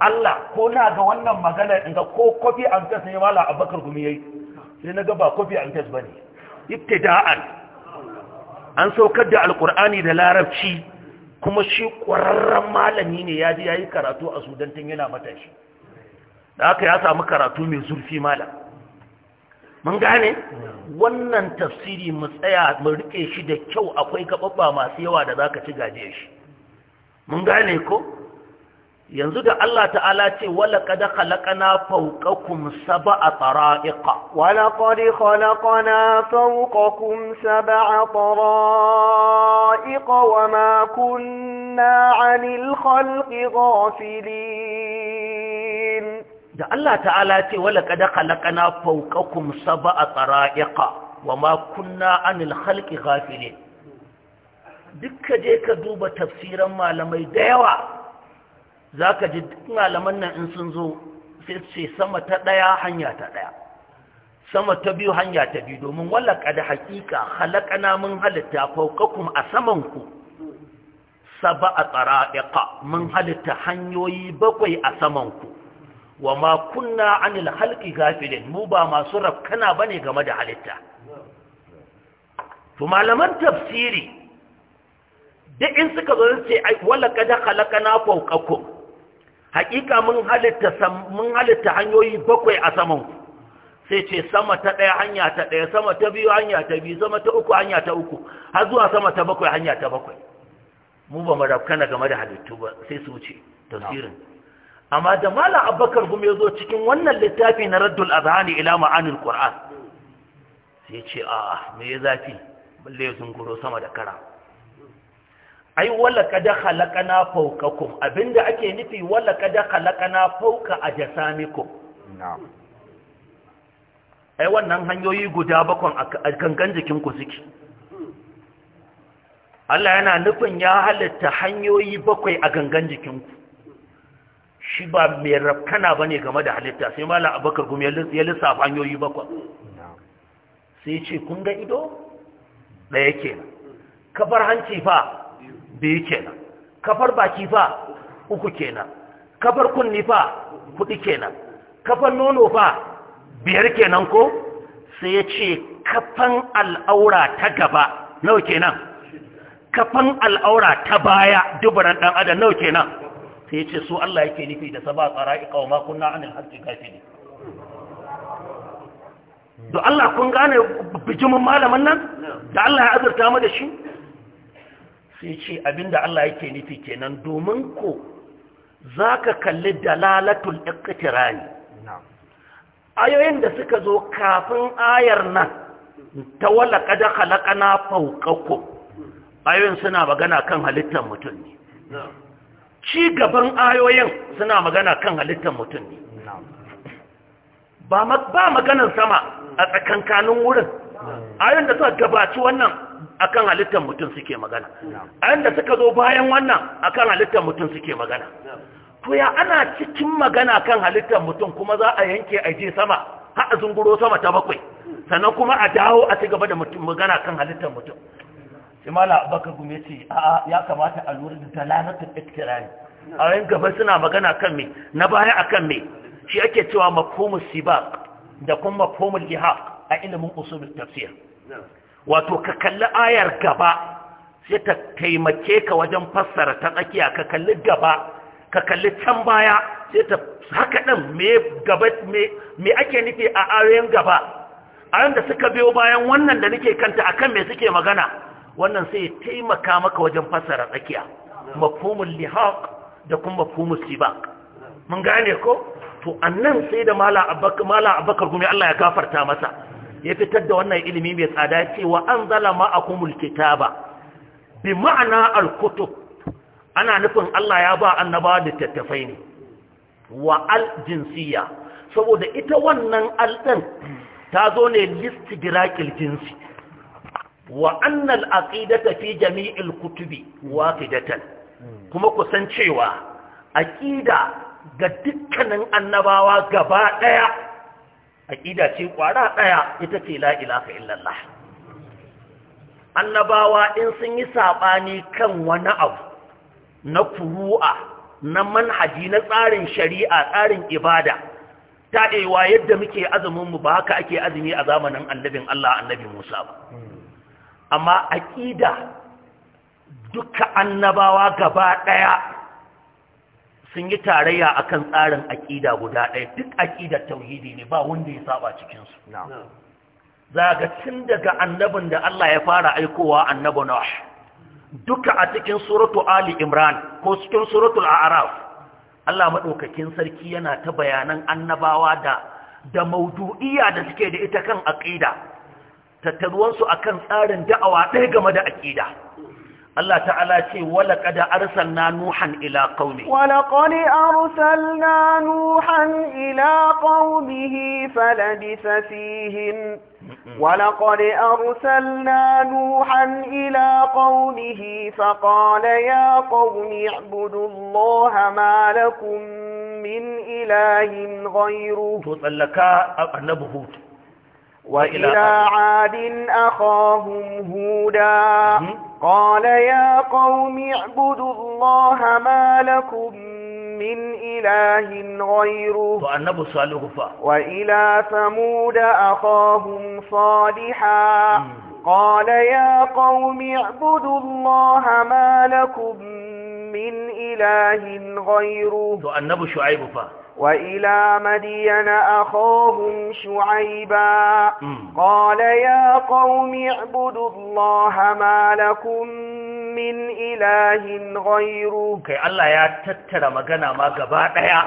Allah ko na ga wannan magana in ko kofi an kas ne mala abakar gumi yayi sai na ga ba kofi an kas bane ibtida'an an saukar da alqur'ani da larabci kuma shi ƙwararren malami ne ya ji yi karatu a sudan tun yana matashi da haka ya samu karatu mai zurfi malam mun gane wannan tafsiri mu tsaya mu rike shi da kyau akwai kababba masu yawa da zaka ci gaje shi mun gane ko yanzu da Allah ta'ala ce wala kad khalaqna fawqakum sab'a tara'iqa wala qad khalaqna fawqakum sab'a tara'iqa wama kunna 'anil khalqi ghafilin da Allah ta'ala ce wala kada khalaqana fawqakum sab'a tara'iqa wama kunna anil khalqi ghafilin dukka je ka duba tafsiran malamai da yawa zaka ji duk malaman nan in sun zo sai ce sama ta daya hanya ta daya sama ta biyu hanya ta biyu domin wala kada haqiqa khalaqana mun halitta fawqakum a saman ku sab'a tara'iqa mun halitta hanyoyi bakwai a saman ku wa ma kunna anil halqi gafilin mu ba masu rafkana bane game da halitta to malaman tafsiri duk in suka zo ce ai wala kada khalaqana fawqakum haƙiƙa mun halitta mun halitta hanyoyi bakwai a saman ku sai ce sama ta ɗaya hanya ta ɗaya sama ta biyu hanya ta biyu sama ta uku hanya ta uku har zuwa sama ta bakwai hanya ta bakwai mu ba mu rafkana game da halittu ba sai su wuce tafsirin amma da malam abubakar gumi ya zo cikin wannan littafi na raddul azhani ila ma'anil qur'an sai ce a me ya zafi balle ya zunguro sama da kara ai wala kada khalaqana fawqakum abinda ake nufi wala kada khalaqana fawqa ajsamikum na'am ai wannan hanyoyi guda bakon a gangan jikin ku suke Allah yana nufin ya halitta hanyoyi bakwai a gangan jikinku shi ba mai rafkana ba ne game da halitta sai mala abakar gumi ya lissafa hanyoyi bakwa sai ce kun ga ido ɗaya kenan kafar hanci fa biyu kenan kafar baki fa uku kenan kafar kunni fa hudu kenan kafar nono fa biyar kenan ko sai ya ce kafan al'aura ta gaba nawa kenan kafan al'aura ta baya dubaran ɗan adam nawa kenan sai ce su Allah yake nufi da saba tsara'iqa wa ma kunna anil gafi ne. da Allah kun gane bijimin malamin nan da Allah ya azurta mu da shi sai ce abinda Allah yake nufi kenan domin ko zaka kalli dalalatul iqtirani ayoyin da suka zo kafin ayar nan ta wala qad khalaqna fawqakum ayoyin suna magana kan halittar mutum ne ci gaban ayoyin suna magana kan halittar mutum ne ba maganan sama a tsakankanin wurin ayoyin da suka gabaci wannan akan halittar mutum suke magana ayoyin da suka zo bayan wannan akan halittar mutum suke magana to ya ana cikin magana kan halittar mutum kuma za a yanke a je sama har a zunguro sama ta bakwai sannan kuma a dawo a ci gaba da magana kan halittar mutum imala abubakar gume ce ya kamata a lura da dalalatul ikirari a yin gaba suna magana kan me na baya akan me shi ake cewa mafhumus sibak da kuma mafhumul ihaq a ilimin usulun tafsir wato ka kalli ayar gaba sai ta taimake ka wajen fassara ta tsakiya ka kalli gaba ka kalli can baya sai ta haka ɗin me ake nufi a ayoyin gaba a da suka biyo bayan wannan da nake kanta akan me suke magana wannan sai ya taimaka maka wajen fassara tsakiya mafhumul lihaq da kuma mafhumul sibaq mun gane ko to annan sai da mala abakar mala gumi Allah ya gafarta masa ya fitar da wannan ilimi mai tsada cewa anzala ma'akumul kitaba bi ma'ana al-kutub ana nufin Allah ya ba annabawa littattafai ne wa al-jinsiyya saboda ita wannan alɗin ta zo ne listigirakil jinsi wa aƙida aqidata fi jami'il kutubi waqidatan kuma ku san cewa aqida ga dukkanin annabawa gaba daya aqida ce kwara daya ita ce la ilaha illallah annabawa in sun yi sabani kan wani abu na furu'a na manhaji na tsarin shari'a tsarin ibada taɗewa yadda muke azumin mu ba haka ake azumi a zamanin annabin Allah annabi Musa ba amma aƙida duka annabawa gaba ɗaya sun yi tarayya akan tsarin aƙida guda ɗaya duk aƙidar tauhidi ne ba wanda ya saba cikinsu zaga tun daga annabin da Allah ya fara aikowa annabi Nuh duka a cikin suratu Ali Imran ko cikin suratul A'raf Allah madaukakin sarki yana ta bayanan annabawa da da maudu'iya da suke da ita kan aqida tattaruwansu akan tsarin da'awa ɗaya game da aƙida Allah ta'ala ce wala qad arsalna nuhan ila ƙauni. wala qad na nuhan ila qaumihi falabisa fihim ولقد أرسلنا نوحا إلى قومه فقال يا قوم اعبدوا الله ما لكم من إله غيره تسألك النبي هود وإلى عاد أخاهم هودا قال يا قوم اعبدوا الله ما لكم من إله غيره فأنبوا صالح وإلى ثمود أخاهم صالحا قال يا قوم اعبدوا الله ما لكم من إله غيره فأنبوا شعيب فأنبوا وإلى مدين أخاهم شعيبا قال يا قوم اعبدوا الله ما لكم min ilahin ghairu Allah ya tattara magana ma gaba daya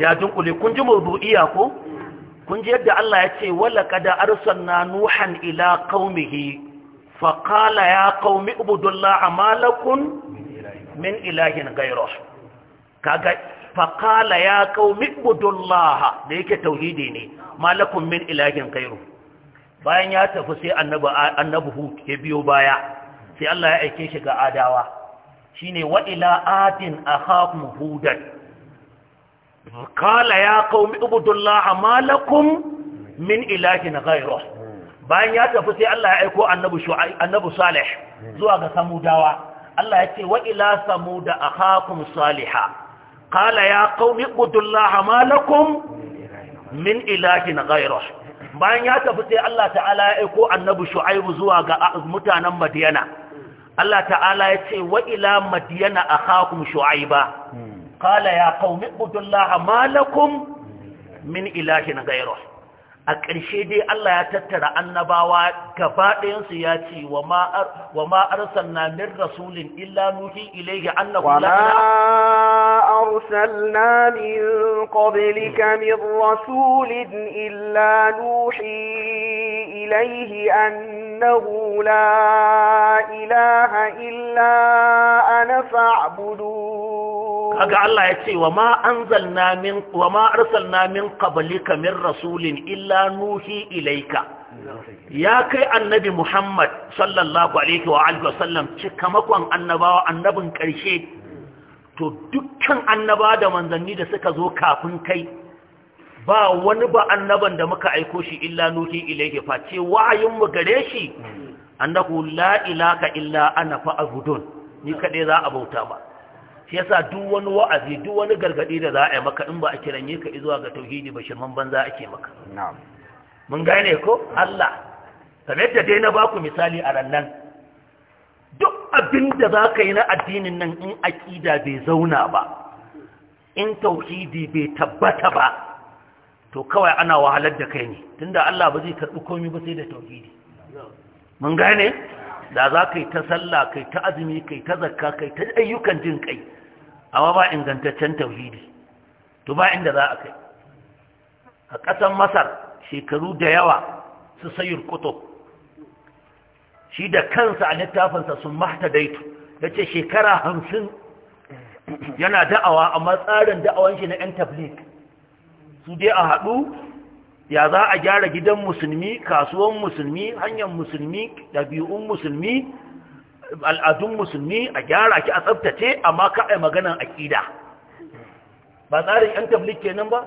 ya dunƙule kun ji mawdu'iya ko kun ji yadda Allah ya ce da kad arsalna nuhan ila qaumihi fa qala ya qaumi ibudullaha ma lakum min ilahin ghairu faƙala ya qaumi Laha da yake tauhidi ne malakun min ilahin kairu. bayan ya tafi sai annabi hut ya biyo baya sai Allah ya aike shi ga adawa ne wa adin a haku hudan Faƙala ya qaumi Laha malakun min ilahin kairu bayan ya tafi sai Allah ya aiko annabi salih zuwa ga samudawa Allah ya ce wa ila a akhakum salihah قال يا قوم اعبدوا الله ما لكم من إله غيره bayan ya tafi sai Allah ta'ala ya aiko annabi Shu'aibu zuwa ga mutanen Madiyana Allah ta'ala ya ce wa ila Madiyana akhakum Shu'aiba kala hmm. ya qaumi budullaha malakun min ilahin gairos. a ƙarshe dai Allah ya tattara annabawa gaba ɗayansu ya ce wa ma arsalna min rasulin illa nuhi ilayhi annahu la ilaha arsalna min qablika min rasulin illa nuhi ilayhi annahu la ilaha illa ana fa'budun Aga Allah ya ce wa ma anzalna min wa ma arsalna min qablika min rasulin illa nuhi ilaika ya kai annabi Muhammad sallallahu alaihi wa alihi wasallam cikamakon annabawa annabin karshe to dukkan annaba da manzanni da suka zo kafin kai ba wani ba annaban da muka aiko shi illa nuhi ilaika face wa'ayin mu gare shi annahu la ilaha illa ana fa'budun ni kaɗai za a bauta ba shi yasa duk wani wa'azi duk wani gargadi da za a yi maka in ba a kiranye ka zuwa ga tauhidi ba shirman banza ake maka mun gane ko Allah kamar da dai na baku misali a rannan duk abin da za ka yi na addinin nan in aƙida bai zauna ba in tauhidi bai tabbata ba to kawai ana wahalar da kai ne tunda Allah ba zai karɓi komai ba sai da tauhidi mun gane da za ka yi ta sallah kai ta azumi kai ta zakka kai ta ayyukan jin kai amma ba ingantaccen tauhidi to ba inda za a kai a ƙasan masar shekaru da yawa su sayur kuto shi da kansa a littafinsa sun mahta daitu ya ce shekara hamsin yana da'awa amma tsarin da'awan shi na 'yan tablik su dai a haɗu ya za a gyara gidan musulmi kasuwan musulmi hanyar musulmi ɗabi'un musulmi al'adun musulmi a gyara ki a tsabtace amma ka a maganan aƙida ba tsarin yan tablik kenan ba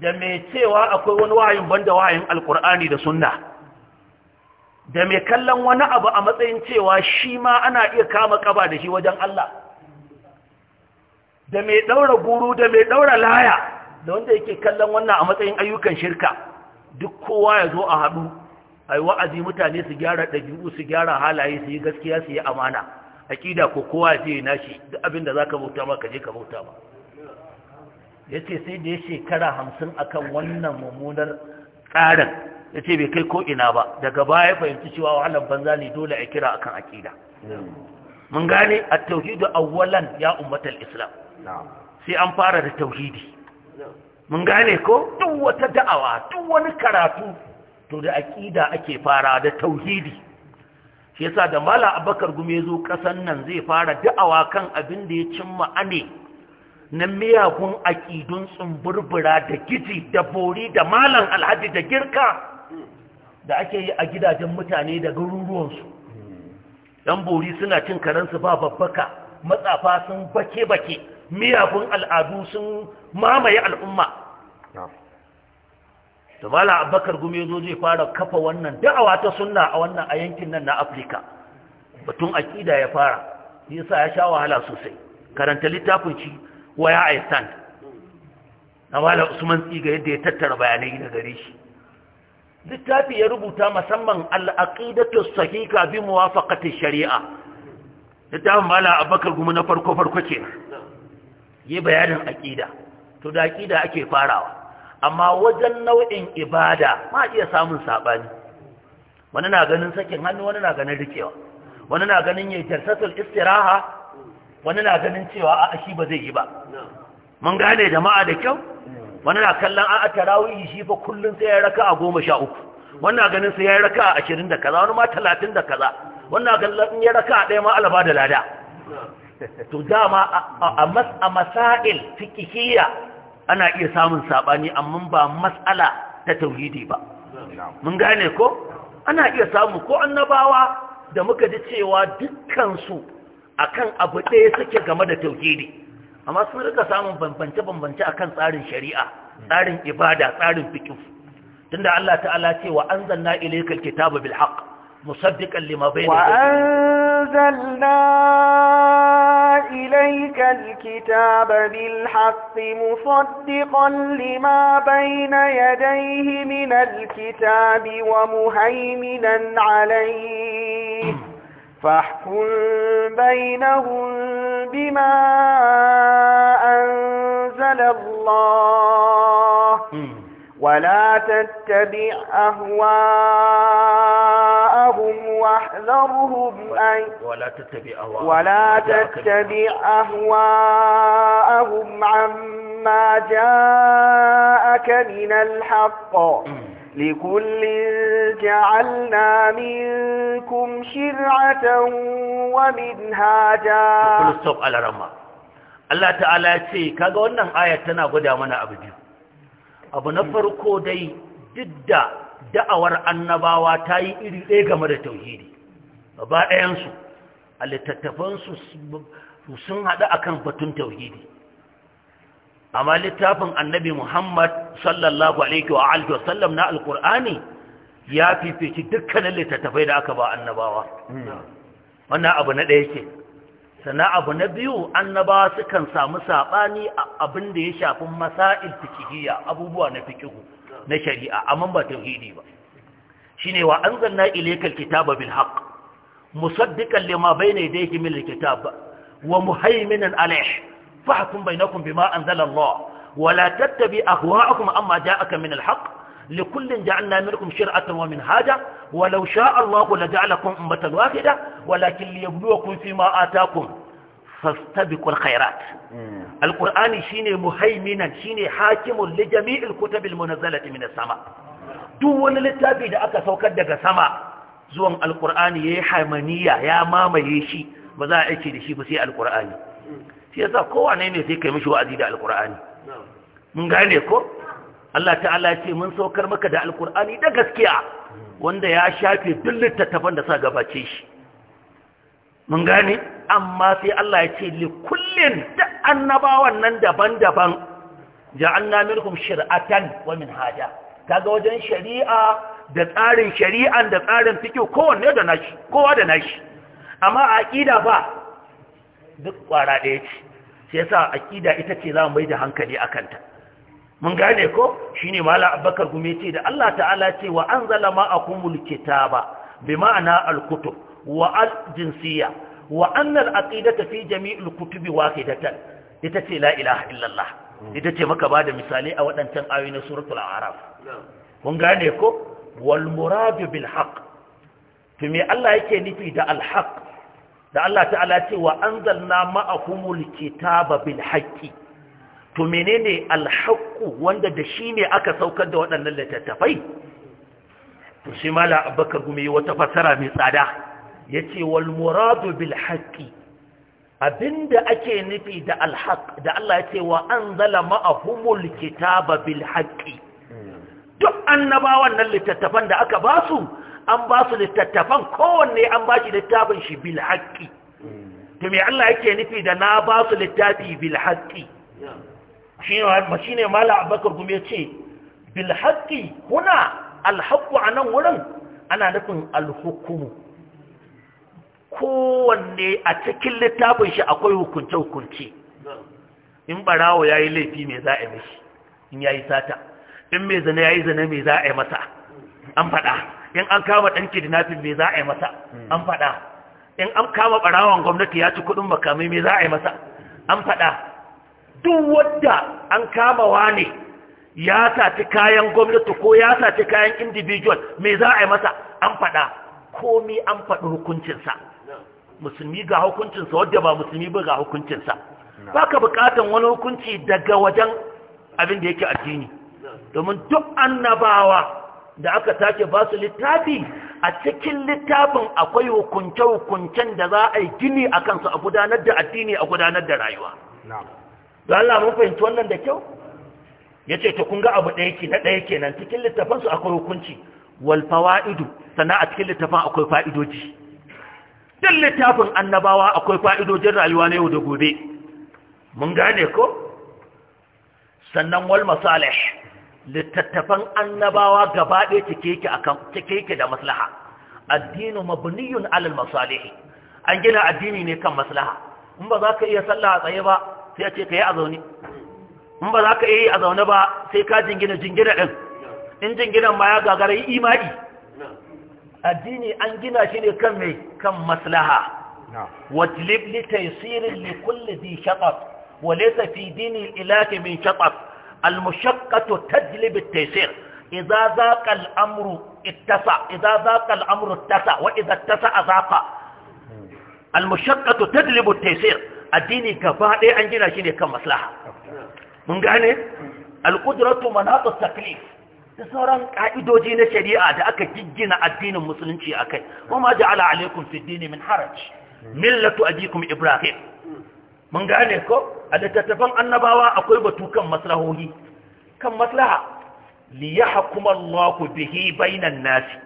da mai cewa akwai wani wayan banda wahayin alkur'ani da sunna da mai kallon wani abu a matsayin cewa shi ma ana iya kama kaba da shi wajen Allah da mai ɗaura guru da mai ɗaura laya da wanda yake kallon wannan a matsayin ayyukan shirka duk kowa ya zo a haɗu a wa'azi mutane su gyara ɗabi'u su gyara halaye su yi gaskiya su yi amana aƙida ko kowa ya je nashi duk abin da za ka bauta ma ka je ka bauta ma ya sai da ya shekara hamsin akan wannan mummunar tsarin ya ce bai kai ko ina ba daga baya ya fahimci cewa wahalar banza ne dole a kira akan aƙida mun gane a tauhidu awwalan ya ummatar islam sai an fara da tauhidi mun gane ko duk wata da'awa duk wani karatu to da aqida ake fara da tauhidi shi yasa da mala abakar gumi zo kasan nan zai fara da'awa kan abin da ya cimma ane na miyagun aƙidun tsumburbura da giji da bori da malan alhaji da girka da ake yi a gidajen mutane da garuruwansu yan bori suna cin karensu ba babbaka matsafa sun bake-bake miyagun al'adu sun mamaye al'umma da mala abakar gumi zo zai fara kafa wannan da'awa ta sunna a wannan a yankin nan na afirka batun aƙida ya fara yasa ya sha wahala sosai karanta littafin shi waya a stand na mala usman tsiga yadda ya tattara bayanai da gare shi littafi ya rubuta musamman al'aqidatu sahiha bi muwafaqati shari'a littafin mala abakar gumi na farko farko kenan yi bayanin aƙida to da aqida ake farawa amma wajen nau'in ibada ma iya samun sabani wani na ganin sakin hannu wani na ganin rikewa wani na ganin yayin jarsatul istiraha wani na ganin cewa a shi ba zai yi ba mun gane jama'a da kyau wani na kallon a tarawih shi fa kullun sai ya raka'a 13 wani na ganin sai ya raka'a 20 da kaza wani ma 30 da kaza wani na ganin ya raka'a ɗaya ma alaba da lada to dama a masail fikihiyya ana iya samun sabani amma ba matsala ta tauhidi ba mun gane ko ana iya samu ko annabawa da muka ji cewa dukkansu akan abu ɗaya suke game da tauhidi amma sun rika samun bambance-bambance akan tsarin shari'a tsarin ibada tsarin fikif tunda Allah ta'ala ce wa anzalna ilaykal kitaba bil haqq musaddiqan lima bayna أنزلنا إليك الكتاب بالحق مصدقا لما بين يديه من الكتاب ومهيمنا عليه فاحكم بينهم بما أنزل الله ولا تتبع أهواءهم واحذرهم أن ولا تتبع أهواءهم ولا تتبع أهواءهم عما جاءك من الحق لكل جعلنا منكم شرعة ومنهاجا كل السوق على رمى الله تعالى سي كذا قلنا آية تنا قدامنا أبدي abu na farko dai duk da da'awar annabawa ta yi iri ɗaya game da tauhidi Ba ɗayansu a littattafansu sun haɗu a kan batun tauhidi amma littafin annabi muhammad sallallahu alaihi wa wa sallam na alkur'ani ya fifici dukkanin littattafai da aka ba annabawa hmm. wannan abu na ɗaya ke sana abu na biyu annaba sukan samu saɓani a abin da ya shafi masa'il fikihiyya abubuwa na fikihu na shari'a amma ba tauhidi ba shine wa anzalna ilaykal kitaba bil haqq musaddiqan lima bayna yadayhi min al kitab wa muhaiminan alayh fahkum bainakum bima anzala Allah wa la tattabi ahwa'akum amma ja'aka min al haƙ? لكل جعلنا منكم شرعة ومنهاجا ولو شاء الله لجعلكم أمة واحدة ولكن ليبلوكم فيما آتاكم فاستبقوا الخيرات القرآن شيني مهيمنا شيني حاكم لجميع الكتب المنزلة من السماء دون للتابي دا أكا سوكدك سماء زوان القرآن يحمنية يا ماما يشي بذا عيشي لشي بسي القرآن shi yasa kowane ne sai kai mishi wa'azi da alkur'ani mun gane ko Allah ta'ala ya ce mun saukar maka da alkur'ani da gaskiya wanda ya shafe duk littattafan da sa gabace shi mun gane amma sai Allah ya ce li kullin da annabawan nan daban-daban ja'alna minhum shir'atan wa minhaja kaga wajen shari'a da tsarin shari'an da tsarin fiqh kowanne da nashi kowa da nashi amma aqida ba duk kwara ɗaya ce sai yasa aqida ita ce za mu mai da hankali akan ta mun gane ko shine mala abubakar gume ce da Allah ta'ala ce wa anzala ma'akumul kitaba bi ma'ana al-kutub wa al-jinsiyya wa anna al-aqidata fi jami'il kutubi wahidatan ita ce la ilaha illallah ita ce maka bada misali a waɗancan ayoyi na suratul a'raf kun gane ko wal muradu bil haqq to me Allah yake nufi da al haqq da Allah ta'ala ce wa anzalna ma'akumul kitaba bil haqqi to menene alhaƙu wanda da shi ne aka saukar da waɗannan littattafai to shi mala gumi wata fasara mai tsada ya ce wal muradu bil abinda ake nufi da alhaƙ da Allah ya ce wa an zala ma'ahumul kitaba bil duk annabawan nan littattafan da aka ba su an ba su littattafan kowanne an ba shi littafin shi bil to me Allah yake nufi da na ba su littafi bil haƙi mashi ne mala abakar kuma ya ce bilhaki kuna alhaku a nan wurin ana nufin alhukumu kowanne a cikin littafin shi akwai hukunce-hukunce in barawo ya yi laifi mai za a mashi in ya yi sata in mai zane ya yi zane mai za a yi masa an faɗa in an kama ɗan kidnapping mai za a yi masa an faɗa in an kama barawon gwamnati ya ci kuɗin makamai mai za a yi masa an faɗa duk wadda an kamawa ne ya saci kayan gwamnati ko ya saci kayan individual me za a yi masa an faɗa komi an faɗi hukuncinsa musulmi ga hukuncinsa wadda ba musulmi ba ga hukuncinsa ba ka bukatan wani hukunci daga wajen abin da yake addini domin duk annabawa da aka take ba su littafi a cikin littafin akwai hukunce-hukuncen da za a yi gini a kansu a gudanar da addini a gudanar da rayuwa da Allah mun fahimci wannan da kyau ya ce ta ga abu ɗaya ke na ɗaya kenan cikin littafansu akwai hukunci wal fawa'idu sannan a cikin littafin akwai fa'idoji duk littafin annabawa akwai fa'idojin rayuwa na yau da gobe mun gane ko sannan wal masalih littattafan annabawa gaba ɗaya cike yake akan cike yake da maslaha addinu mabniyun alal masalih an gina addini ne kan maslaha in ba za ka iya sallah a tsaye ba sai ce ka yi a zaune in ba za ka yi a zaune ba sai ka jingina jingina ɗin in jinginan ma ya gagara yi imani addini an gina shi ne kan mai kan maslaha wajlib li taysirin li kulli wa laysa fi dini ilahi min shatat al mushaqqatu tajlib at taysir idza zaqa al amru ittasa idza zaqa al amru ittasa wa idza ittasa hmm. al mushaqqatu tajlib at taysir addini gaba ɗaya an gina shi ne kan maslaha mun gane alƙudratu manatu taklif da sauran ƙa'idoji na shari'a da aka giggina addinin musulunci a kai wa ma ja'ala alaikum fi dini min haraj millatu ajikum ibrahim mun gane ko a littattafan annabawa akwai batu kan maslahohi kan maslaha li yahkuma Allahu bihi bainan nasi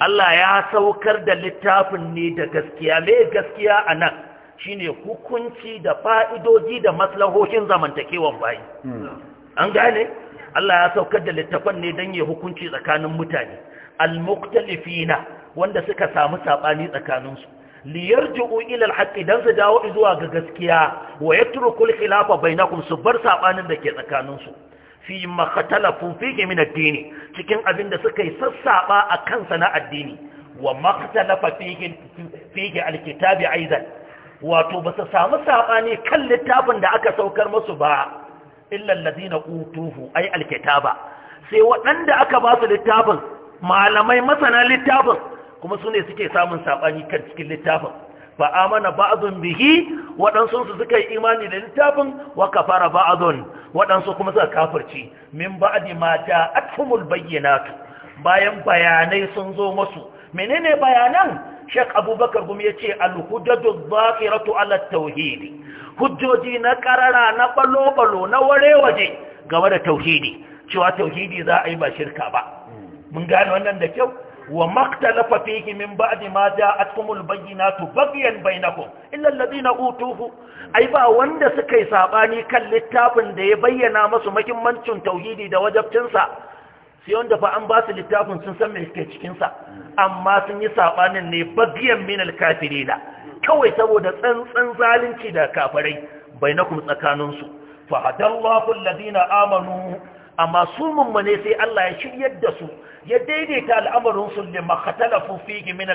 Allah ya saukar da littafin ne da gaskiya me gaskiya nan. shine hukunci da fa'idoji da maslahohin zamantakewan bayi hmm. an gane Allah ya saukar da littafan ne don ya hukunci tsakanin mutane al-muqtalifina wanda suka samu saɓani tsakaninsu Liyar ila al-haqqi dan su dawo zuwa ga gaskiya wa yatruku al-khilafa bainakum su bar saɓanin da ke tsakaninsu fi ma min ad cikin abin da suka yi sassaɓa a kansa na addini wa makatala fa fihi fihi al wato ba su samu saɓani kan littafin da aka saukar musu ba illallazi na utuhu ai ba. sai waɗanda aka ba su littafin malamai masana littafin kuma su ne suke samun saɓani kan cikin littafin ba amana ba'azun bihi waɗansu su suka yi imani da littafin wa kafara ba'azun waɗansu kuma suka kafirci min ba'di ma ja'atkumul bayyinatu bayan bayanai sun zo masu, menene bayanan shek abubakar gumi ya ce alhujjadu zafiratu ala tauhidi hujjoji na karara na balo-balo na ware waje game da tauhidi cewa tauhidi za a yi ba shirka ba mun gane wannan da kyau wa maktalafa fihi min ba'di ma ja'atkumul bayyinatu baghyan bainakum illa alladhina utuhu ai ba wanda suka yi sabani kan littafin da ya bayyana musu muhimmancin tauhidi da wajabcinsa sai wanda fa an ba su littafin sun san mai ke cikinsa amma sun yi saɓanin ne bagiyan min alkafirina kawai saboda tsantsan zalunci da kafirai bai na kuma tsakaninsu fa hadallahu alladhina amanu amma su mummune sai Allah ya shiryar da su ya daidaita al'amarin da makhtalafu fihi min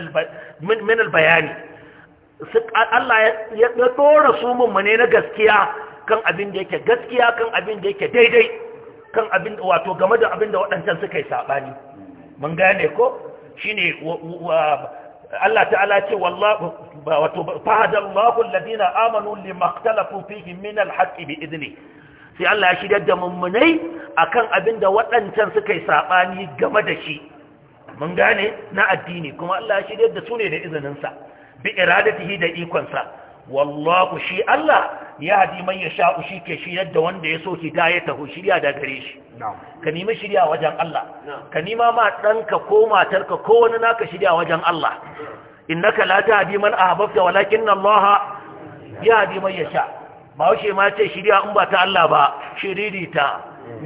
albayani Allah ya dora su mummune na gaskiya kan abin da yake gaskiya kan abin da yake daidai kan abin wato game da abin da waɗancan suka yi saɓani mun gane ko shine Allah ta'ala ce wato wato fahadallahu ladina amanu limaktalafu fihi min alhaqqi bi izini sai Allah ya shirya da mummunai akan abin da waɗancan suka yi saɓani game da shi mun gane na addini kuma Allah ya shirya da su ne da izininsa bi iradatihi da ikonsa wallahu shi Allah ya hadi ya sha'u shi ke shiryar da wanda ya so taho shirya da gare shi ka nemi shirya wajen Allah ka nima ma ɗanka ko matarka ko wani naka shirya wajen Allah innaka la tahdi man ahbabta walakinna Allah yahdi ya sha. ba wuce ma ce shirya in ba ta Allah ba ta.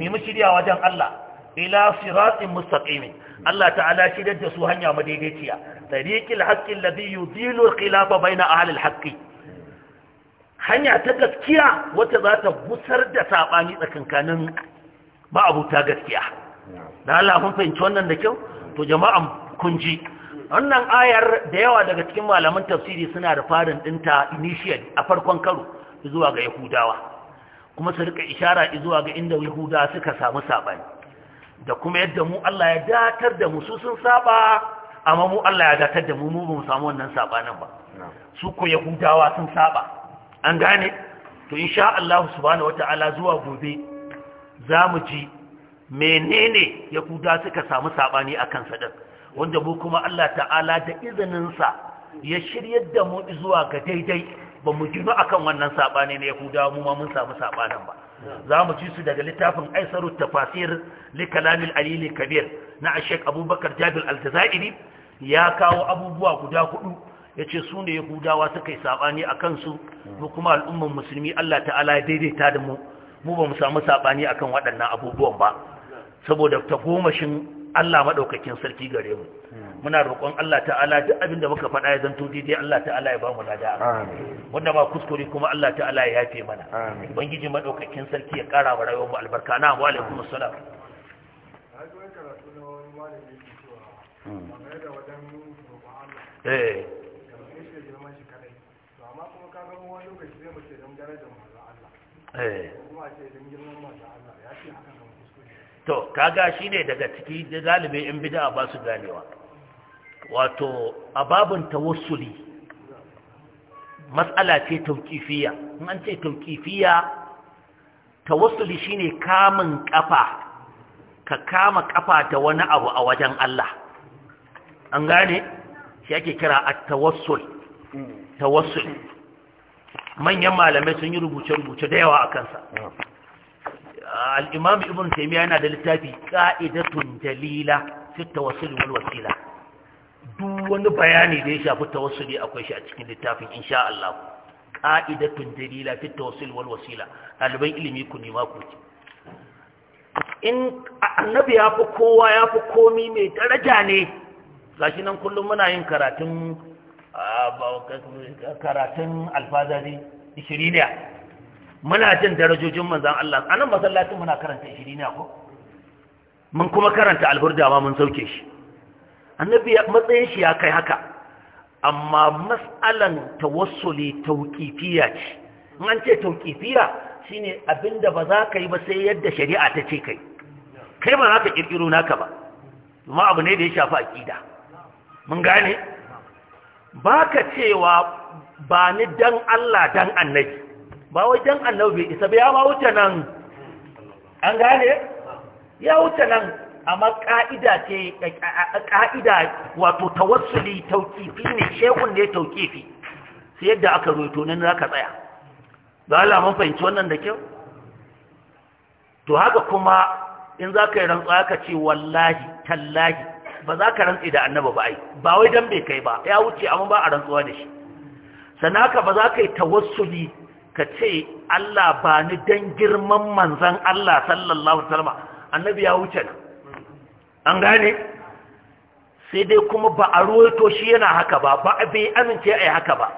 Nimi shirya wajen Allah ila siratin mustaqimi. Allah ta'ala shirya da su hanya madaidaiciya tariqil haqqi alladhi yudilu al-khilafa bayna ahli al-haqqi hanya ta gaskiya wata za ta busar da saɓani tsakankanin ma'abuta gaskiya da Allah fahimci wannan da kyau to jama'an kunji wannan ayar da yawa daga cikin malaman tafsiri suna da farin dinta initial a farkon karo zuwa ga yahudawa kuma su rika ishara zuwa ga inda yahudawa suka samu saɓani da kuma yadda mu Allah ya datar da mu su sun saba amma mu Allah ya datar da mu mu ba mu samu wannan saɓanin ba su ko yahudawa sun saba an gane to insha Allah subhanahu wata'ala zuwa gobe za mu ji menene ya kuda suka samu sabani a kansa din wanda mu kuma Allah ta'ala da izininsa ya shiryar da mu zuwa ga daidai ba mu jinu akan wannan sabani ne ya kuda mu ma mun samu sabanin ba za mu ci su daga littafin aisaru tafasir li kalamil alili kabir na ashek abubakar jabil al-jazairi ya kawo abubuwa guda hudu ya ce su ne yahudawa suka yi saɓani a kansu mu kuma al'umman musulmi allah ta'ala ya daidaita da mu mu ba mu samu saɓani a kan waɗannan abubuwan ba saboda ta shi allah maɗaukakin sarki gare mu muna roƙon allah ta'ala duk abin da muka faɗa ya zanto daidai allah ta'ala ya ba mu lada wanda ba kuskure kuma allah ta'ala ya yafe mana ubangiji maɗaukakin sarki ya ƙara wa rayuwar mu albarka na wa alaikum assalam hmm. Eh. lokaci zai mace don to kaga shine daga ciki da ɗalibi in bid'a ba su ganewa wato a babun tawassuli matsala ce tauƙifiya in an ce tauƙifiya tawassuli shine kamun kafa ka kama kafa da wani abu a wajen Allah an gane shi ake kira at-tawassul mm. tawassul manyan malamai sun yi rubuce-rubuce da yawa a kansa al'imam ibn taimiyya yana da littafi ƙa'idatun dalila fi wasu wal wasila duk wani bayani da ya shafi ne akwai shi a cikin littafin insha Allah ƙa'idatun dalila fi wasu wasila ɗaliban ilimi ku nema ku ce. in annabi ya fi kowa ya fi komi mai daraja ne gashi nan kullum muna yin karatun karatun alfazari ishiriniya muna jin darajojin manzan Allah a nan masallacin muna karanta ishiriniya ko mun kuma karanta alburda ma mun sauke shi annabi ya matsayin shi ya kai haka amma mas'alan tawassuli tawqifiya ce in an ce tawqifiya shine abinda ba za ka yi ba sai yadda shari'a ta ce kai kai ba za ka kirkiro naka ba kuma abu ne da ya shafi aqida mun gane ba ka cewa ba ni dan Allah dan annabi ba wai dan annabi isa ba ya ma wuce nan an gane ya wuce nan amma ka'ida ce ka'ida wato tawassuli taukifi ne shekun ne taukifi. sai yadda aka roto nan zaka tsaya ba Allah mun fahimci wannan da kyau to haka kuma in zaka yi rantsuwa ka ce wallahi tallahi ba za ka rantsi da annaba ba ai ba wai dan bai kai ba ya wuce amma ba a rantsuwa da shi sannan haka ba za ka yi tawassuli ka ce Allah ba ni dan girman manzan Allah sallallahu alaihi wasallam annabi ya wuce na an gane sai dai kuma ba a ruwaito shi yana haka ba ba bai amince ai haka ba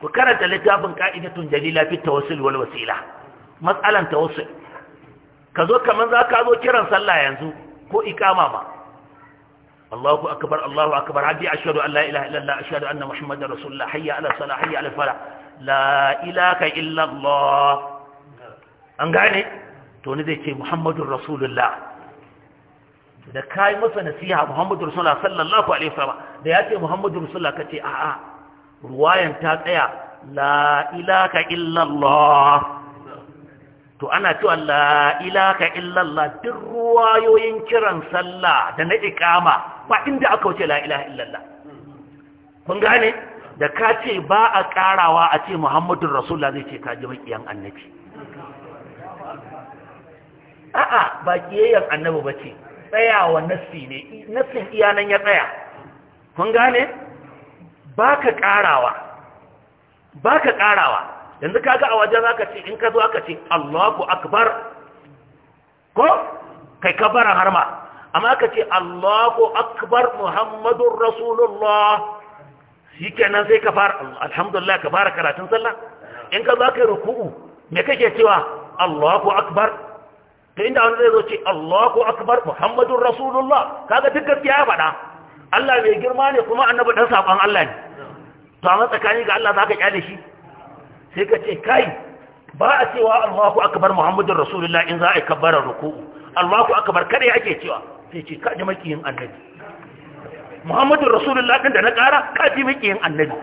ku karanta littafin ka'idatun jalila fi tawassul wal wasila matsalan tawassul ka zo kamar za ka zo kiran sallah yanzu ko ikama ma Allahu akbar Allahu akbar hadi ashhadu an la ilaha illallah ashhadu anna muhammadar rasulullah hayya ala salah hayya ala falah la ilaha illallah an gane to ne zai ce muhammadur rasulullah da ka yi masa nasiha muhammadu rasulullah sallallahu alaihi wasallam da ya ce muhammadu rasulullah ka ce a'a ruwayan ta tsaya la illa illallah to ana cewa la illa illallah duk ruwayoyin kiran sallah da na ikama ba inda aka wuce la ilaha illallah Mun gane da ka ce ba a karawa a ce muhammadun rasulullah zai ce ka ji makiyan annabi a'a ba kiyayyan annabi ba ce tsayawa nassi ne nassin iyanan ya tsaya Mun gane ba ka karawa ba ka karawa yanzu kaga a wajen ka ce in ka zo aka ce Allahu akbar ko kai kabara harma amma aka ce Allahu akbar Muhammadun Rasulullah shi kenan sai ka fara alhamdulillah ka fara karatun sallah in ka za ka yi ruku'u me kake cewa Allahu akbar ta inda wani zai zo ce Allahu akbar Muhammadun Rasulullah kaga duk gaskiya ya faɗa Allah mai girma ne kuma annabi dan sakon Allah ne to amma tsakani ga Allah zaka kyale shi sai ka ce kai ba a cewa Allahu akbar Muhammadun Rasulullah in za a yi kabbarar ruku'u Allahu akbar kada ake cewa sai ce kaji makiyin annabi muhammadu rasulullah ɗin da na ƙara kaji makiyin annabi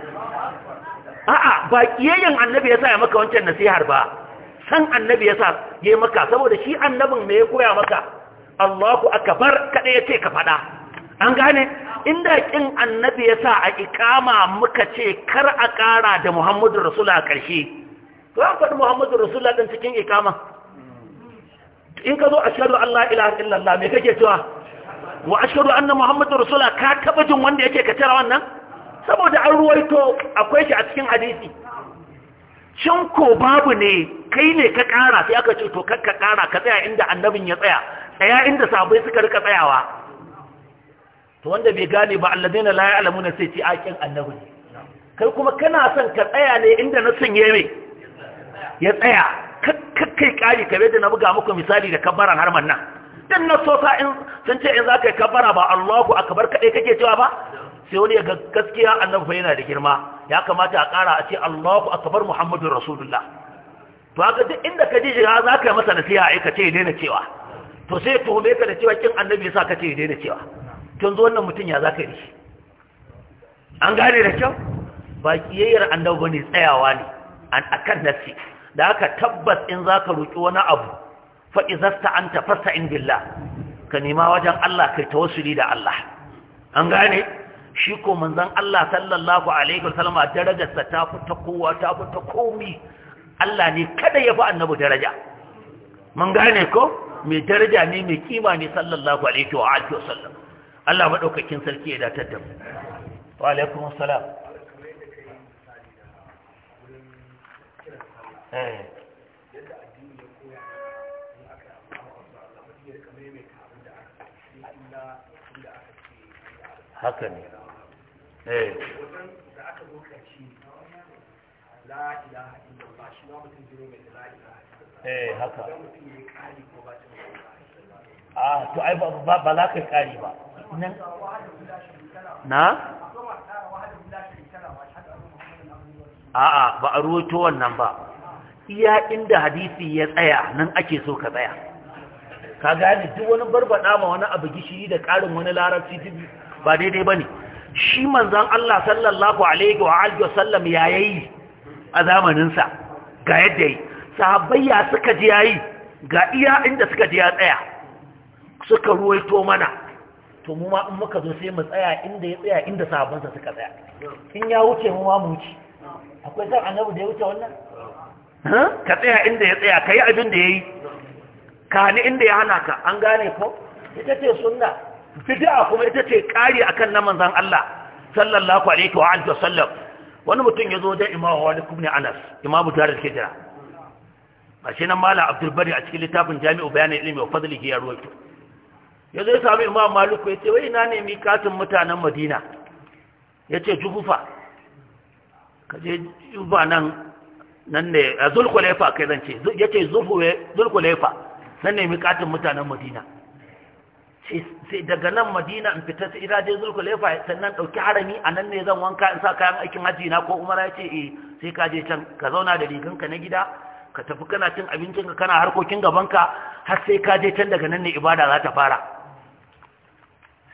a'a ba ƙiyayyen annabi ya sa ya maka wancan nasihar ba san annabi ya sa ya yi maka saboda shi annabin me ya koya maka allahu akbar kada ya ce ka faɗa an gane inda kin annabi ya sa a ikama muka ce kar a ƙara da muhammadu rasulullah a ƙarshe to an faɗi muhammadu rasulullah ɗin cikin ikama in ka zo a shaɗu allah ila illallah me kake cewa wa ashhadu anna muhammadar rasulullah ka taba jin wanda yake ka tara wannan saboda an ruwaito akwai shi a cikin hadisi cin ko babu ne kai ne ka kara sai aka ce to kar ka kara ka tsaya inda annabin ya tsaya tsaya inda sabai suka rika tsayawa to wanda bai gane ba layi la ya'lamuna sai ci akin annabi kai kuma kana son ka tsaya ne inda na sanye mai ya tsaya kakkai kari kabe da na buga muku misali da kabbaran harman nan din na sosa in sun ce in za ka yi kabara ba Allahu kabar kaɗai kake cewa ba sai wani ya gaskiya annabi fa yana da girma ya kamata a ƙara a ce Allahu kabar Muhammadu Rasulullah to haka duk inda ka ji shiga za ka yi masa nasiha ai ka ce ya daina cewa to sai tuhume ka da cewa kin annabi sa ka ce ya daina cewa tun zo wannan mutum ya za ka yi an gane da kyau ba kiyayyar annabi ne tsayawa ne an akan nasi da haka tabbas in za ka roƙi wani abu fa an anta fasta'in billah ka nema wajen Allah kai ta tawassuli da Allah an gane shi ko manzon Allah sallallahu alaihi wasallam darajarsa ta fita kowa ta fita komi Allah ne kada ya fi annabu daraja mun gane ko mai daraja ne mai kima ne sallallahu alaihi wa alihi wasallam Allah madaukakin sarki ya datar da mu wa alaikum assalam eh haka ne eh. eh haka a to ai ba za ka kari ba na a'a ba a ruwato wannan ba iya inda hadisi ya tsaya nan ake so ka tsaya ka gane duk wani barbada ma wani abu gishiri da ƙarin wani larabci duk ba daidai ba ne shi manzan Allah sallallahu alaihi wa alihi sallam ya yayi a zamaninsa ga yadda yi sahabbaiya suka ji ya yi, ga iya inda suka ji ya tsaya suka ruwaito mana to mu ma in muka zo sai mu tsaya inda ya tsaya inda sahabbansa suka tsaya in ya wuce mu ma mu wuce. akwai san annabi da ya wuce wannan ka tsaya inda ya tsaya ka yi abin da ya yi ka ni inda ya hana ka an gane ko ita ce sunna bid'a kuma ita ce kari akan na manzon Allah sallallahu alaihi wa alihi wasallam wani mutum ya zo da imamu wani kubni anas imamu jarir jira. a shi nan mala bari a cikin littafin jami'u bayanin ilimi wa fadlihi ya ruwaito ya zai ya sami imam maliku ya ce wai na nemi katin mutanen madina ya ce jufufa ka je jufufa nan nan ne a zulkulefa kai zan ce ya ce zulkulefa nan nemi katin mutanen madina sai daga nan madina in fita ta ira dai lefa sannan dauki harami a nan ne zan wanka in sa kayan aikin haji na ko umara yace eh sai ka je can ka zauna da riganka na gida ka tafi kana cin abincin ka kana harkokin gabanka har sai ka je can daga nan ne ibada za ta fara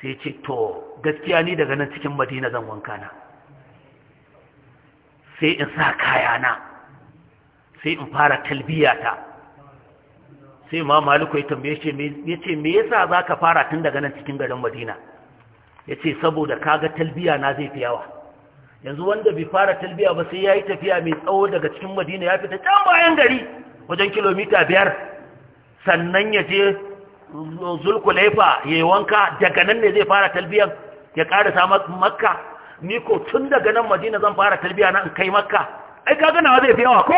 sai ce to gaskiya ni daga nan cikin madina zan wanka na sai in sa kayana sai in fara talbiyata sai ma maliku ya tambaye shi ya ce me yasa za ka fara tun daga nan cikin garin madina ya ce saboda kaga talbiya na zai fi yawa yanzu wanda bai fara talbiya ba sai ya yi tafiya mai tsawo daga cikin madina ya fita can bayan gari wajen kilomita biyar sannan ya je zulkulaifa ya yi wanka daga nan ne zai fara talbiyan ya karasa makka ni ko tun daga nan madina zan fara talbiya na in kai makka ai kaga nawa zai fi yawa ko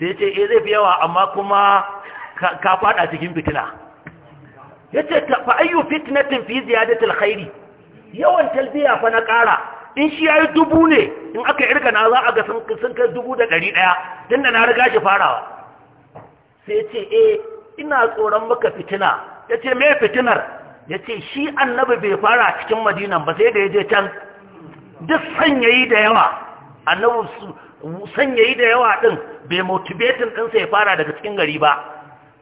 sai ce eh zai fi yawa amma kuma ka fada cikin fitina yace fa ayu fitnatin fi ziyadatil khairi yawan talbiya fa na kara in shi yayi dubu ne in aka irga na za a ga sun sun kai dubu da ɗari ɗaya tunda na riga shi farawa sai yace eh ina tsoron maka fitina yace me fitinar yace shi annabi bai fara cikin madinan ba sai da yaje can duk sanyayi da yawa annabi sanyayi da yawa din bai motivating din sai fara daga cikin gari ba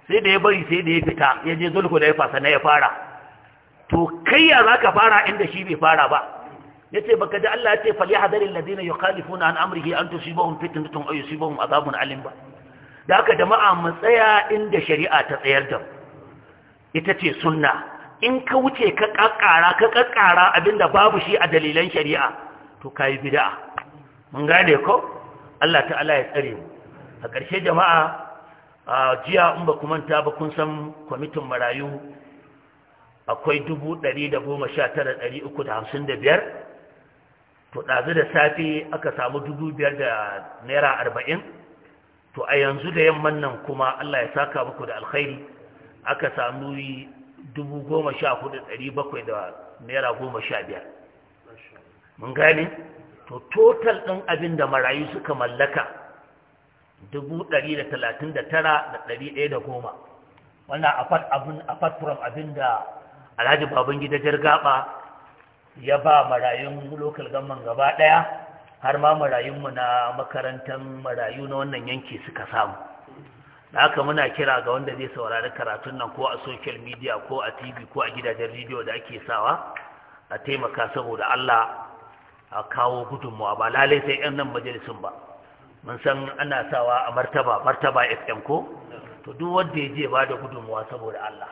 sai da ya bari sai da ya fita ya je zulku da ya fasa na ya fara to kai ya za ka fara inda shi bai fara ba ya ce baka ji Allah ya ce fal yahdari alladhina yukhalifuna an amrihi an tusibahum fitnatun aw yusibahum adhabun alim ba da haka jama'a mu tsaya inda shari'a ta tsayar da ita ce sunna in ka wuce ka kakkara ka kakkara abinda babu shi a dalilan shari'a to kai bid'a mun gane ko Allah ta'ala ya tsare mu a ƙarshe jama'a a jiya in ba manta ba kun san kwamitin marayu akwai dubu ɗari da goma sha tara ɗari uku da hamsin da biyar to ɗazu da safe aka samu dubu biyar da naira arba'in to a yanzu da yamman nan kuma allah ya saka muku da alkhairi aka samu dubu goma sha hudu ɗari bakwai da naira goma sha biyar mun gane to total ɗin abin da marayu suka mallaka dubu ɗari da talatin da tara da ɗari ɗaya da goma wannan a abin abin da alhaji Babangida gida jirgaɓa ya ba marayun lokal gamman gaba ɗaya har ma marayunmu na makarantar marayu na wannan yanki suka samu da haka muna kira ga wanda zai saurari karatun nan ko a social media ko a tv ko a gidajen rediyo da ake sawa a taimaka saboda allah a kawo gudunmawa ba lalai sai 'yan nan majalisun ba mun san ana sawa a martaba martaba fm ko to duk wanda ya je ba da gudunmuwa saboda Allah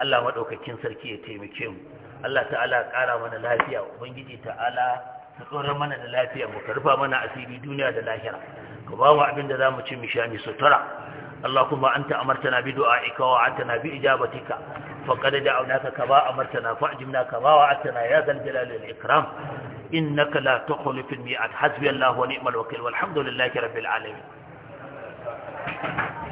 Allah madaukakin sarki ya taimake mu Allah ta'ala ƙara mana lafiya ubangiji ta'ala ta tsoron mana da lafiya mu karfa mana asiri duniya da lahira ka ba mu abin da zamu ci mu sha ni sutura kuma anta amartana bi du'aika wa atana bi ijabatika faqad da'awnaka kama amartana kaba wa wa'atana ya zal jalali wal ikram إنك لا تخلف الميعاد حسبي الله ونعم الوكيل والحمد لله رب العالمين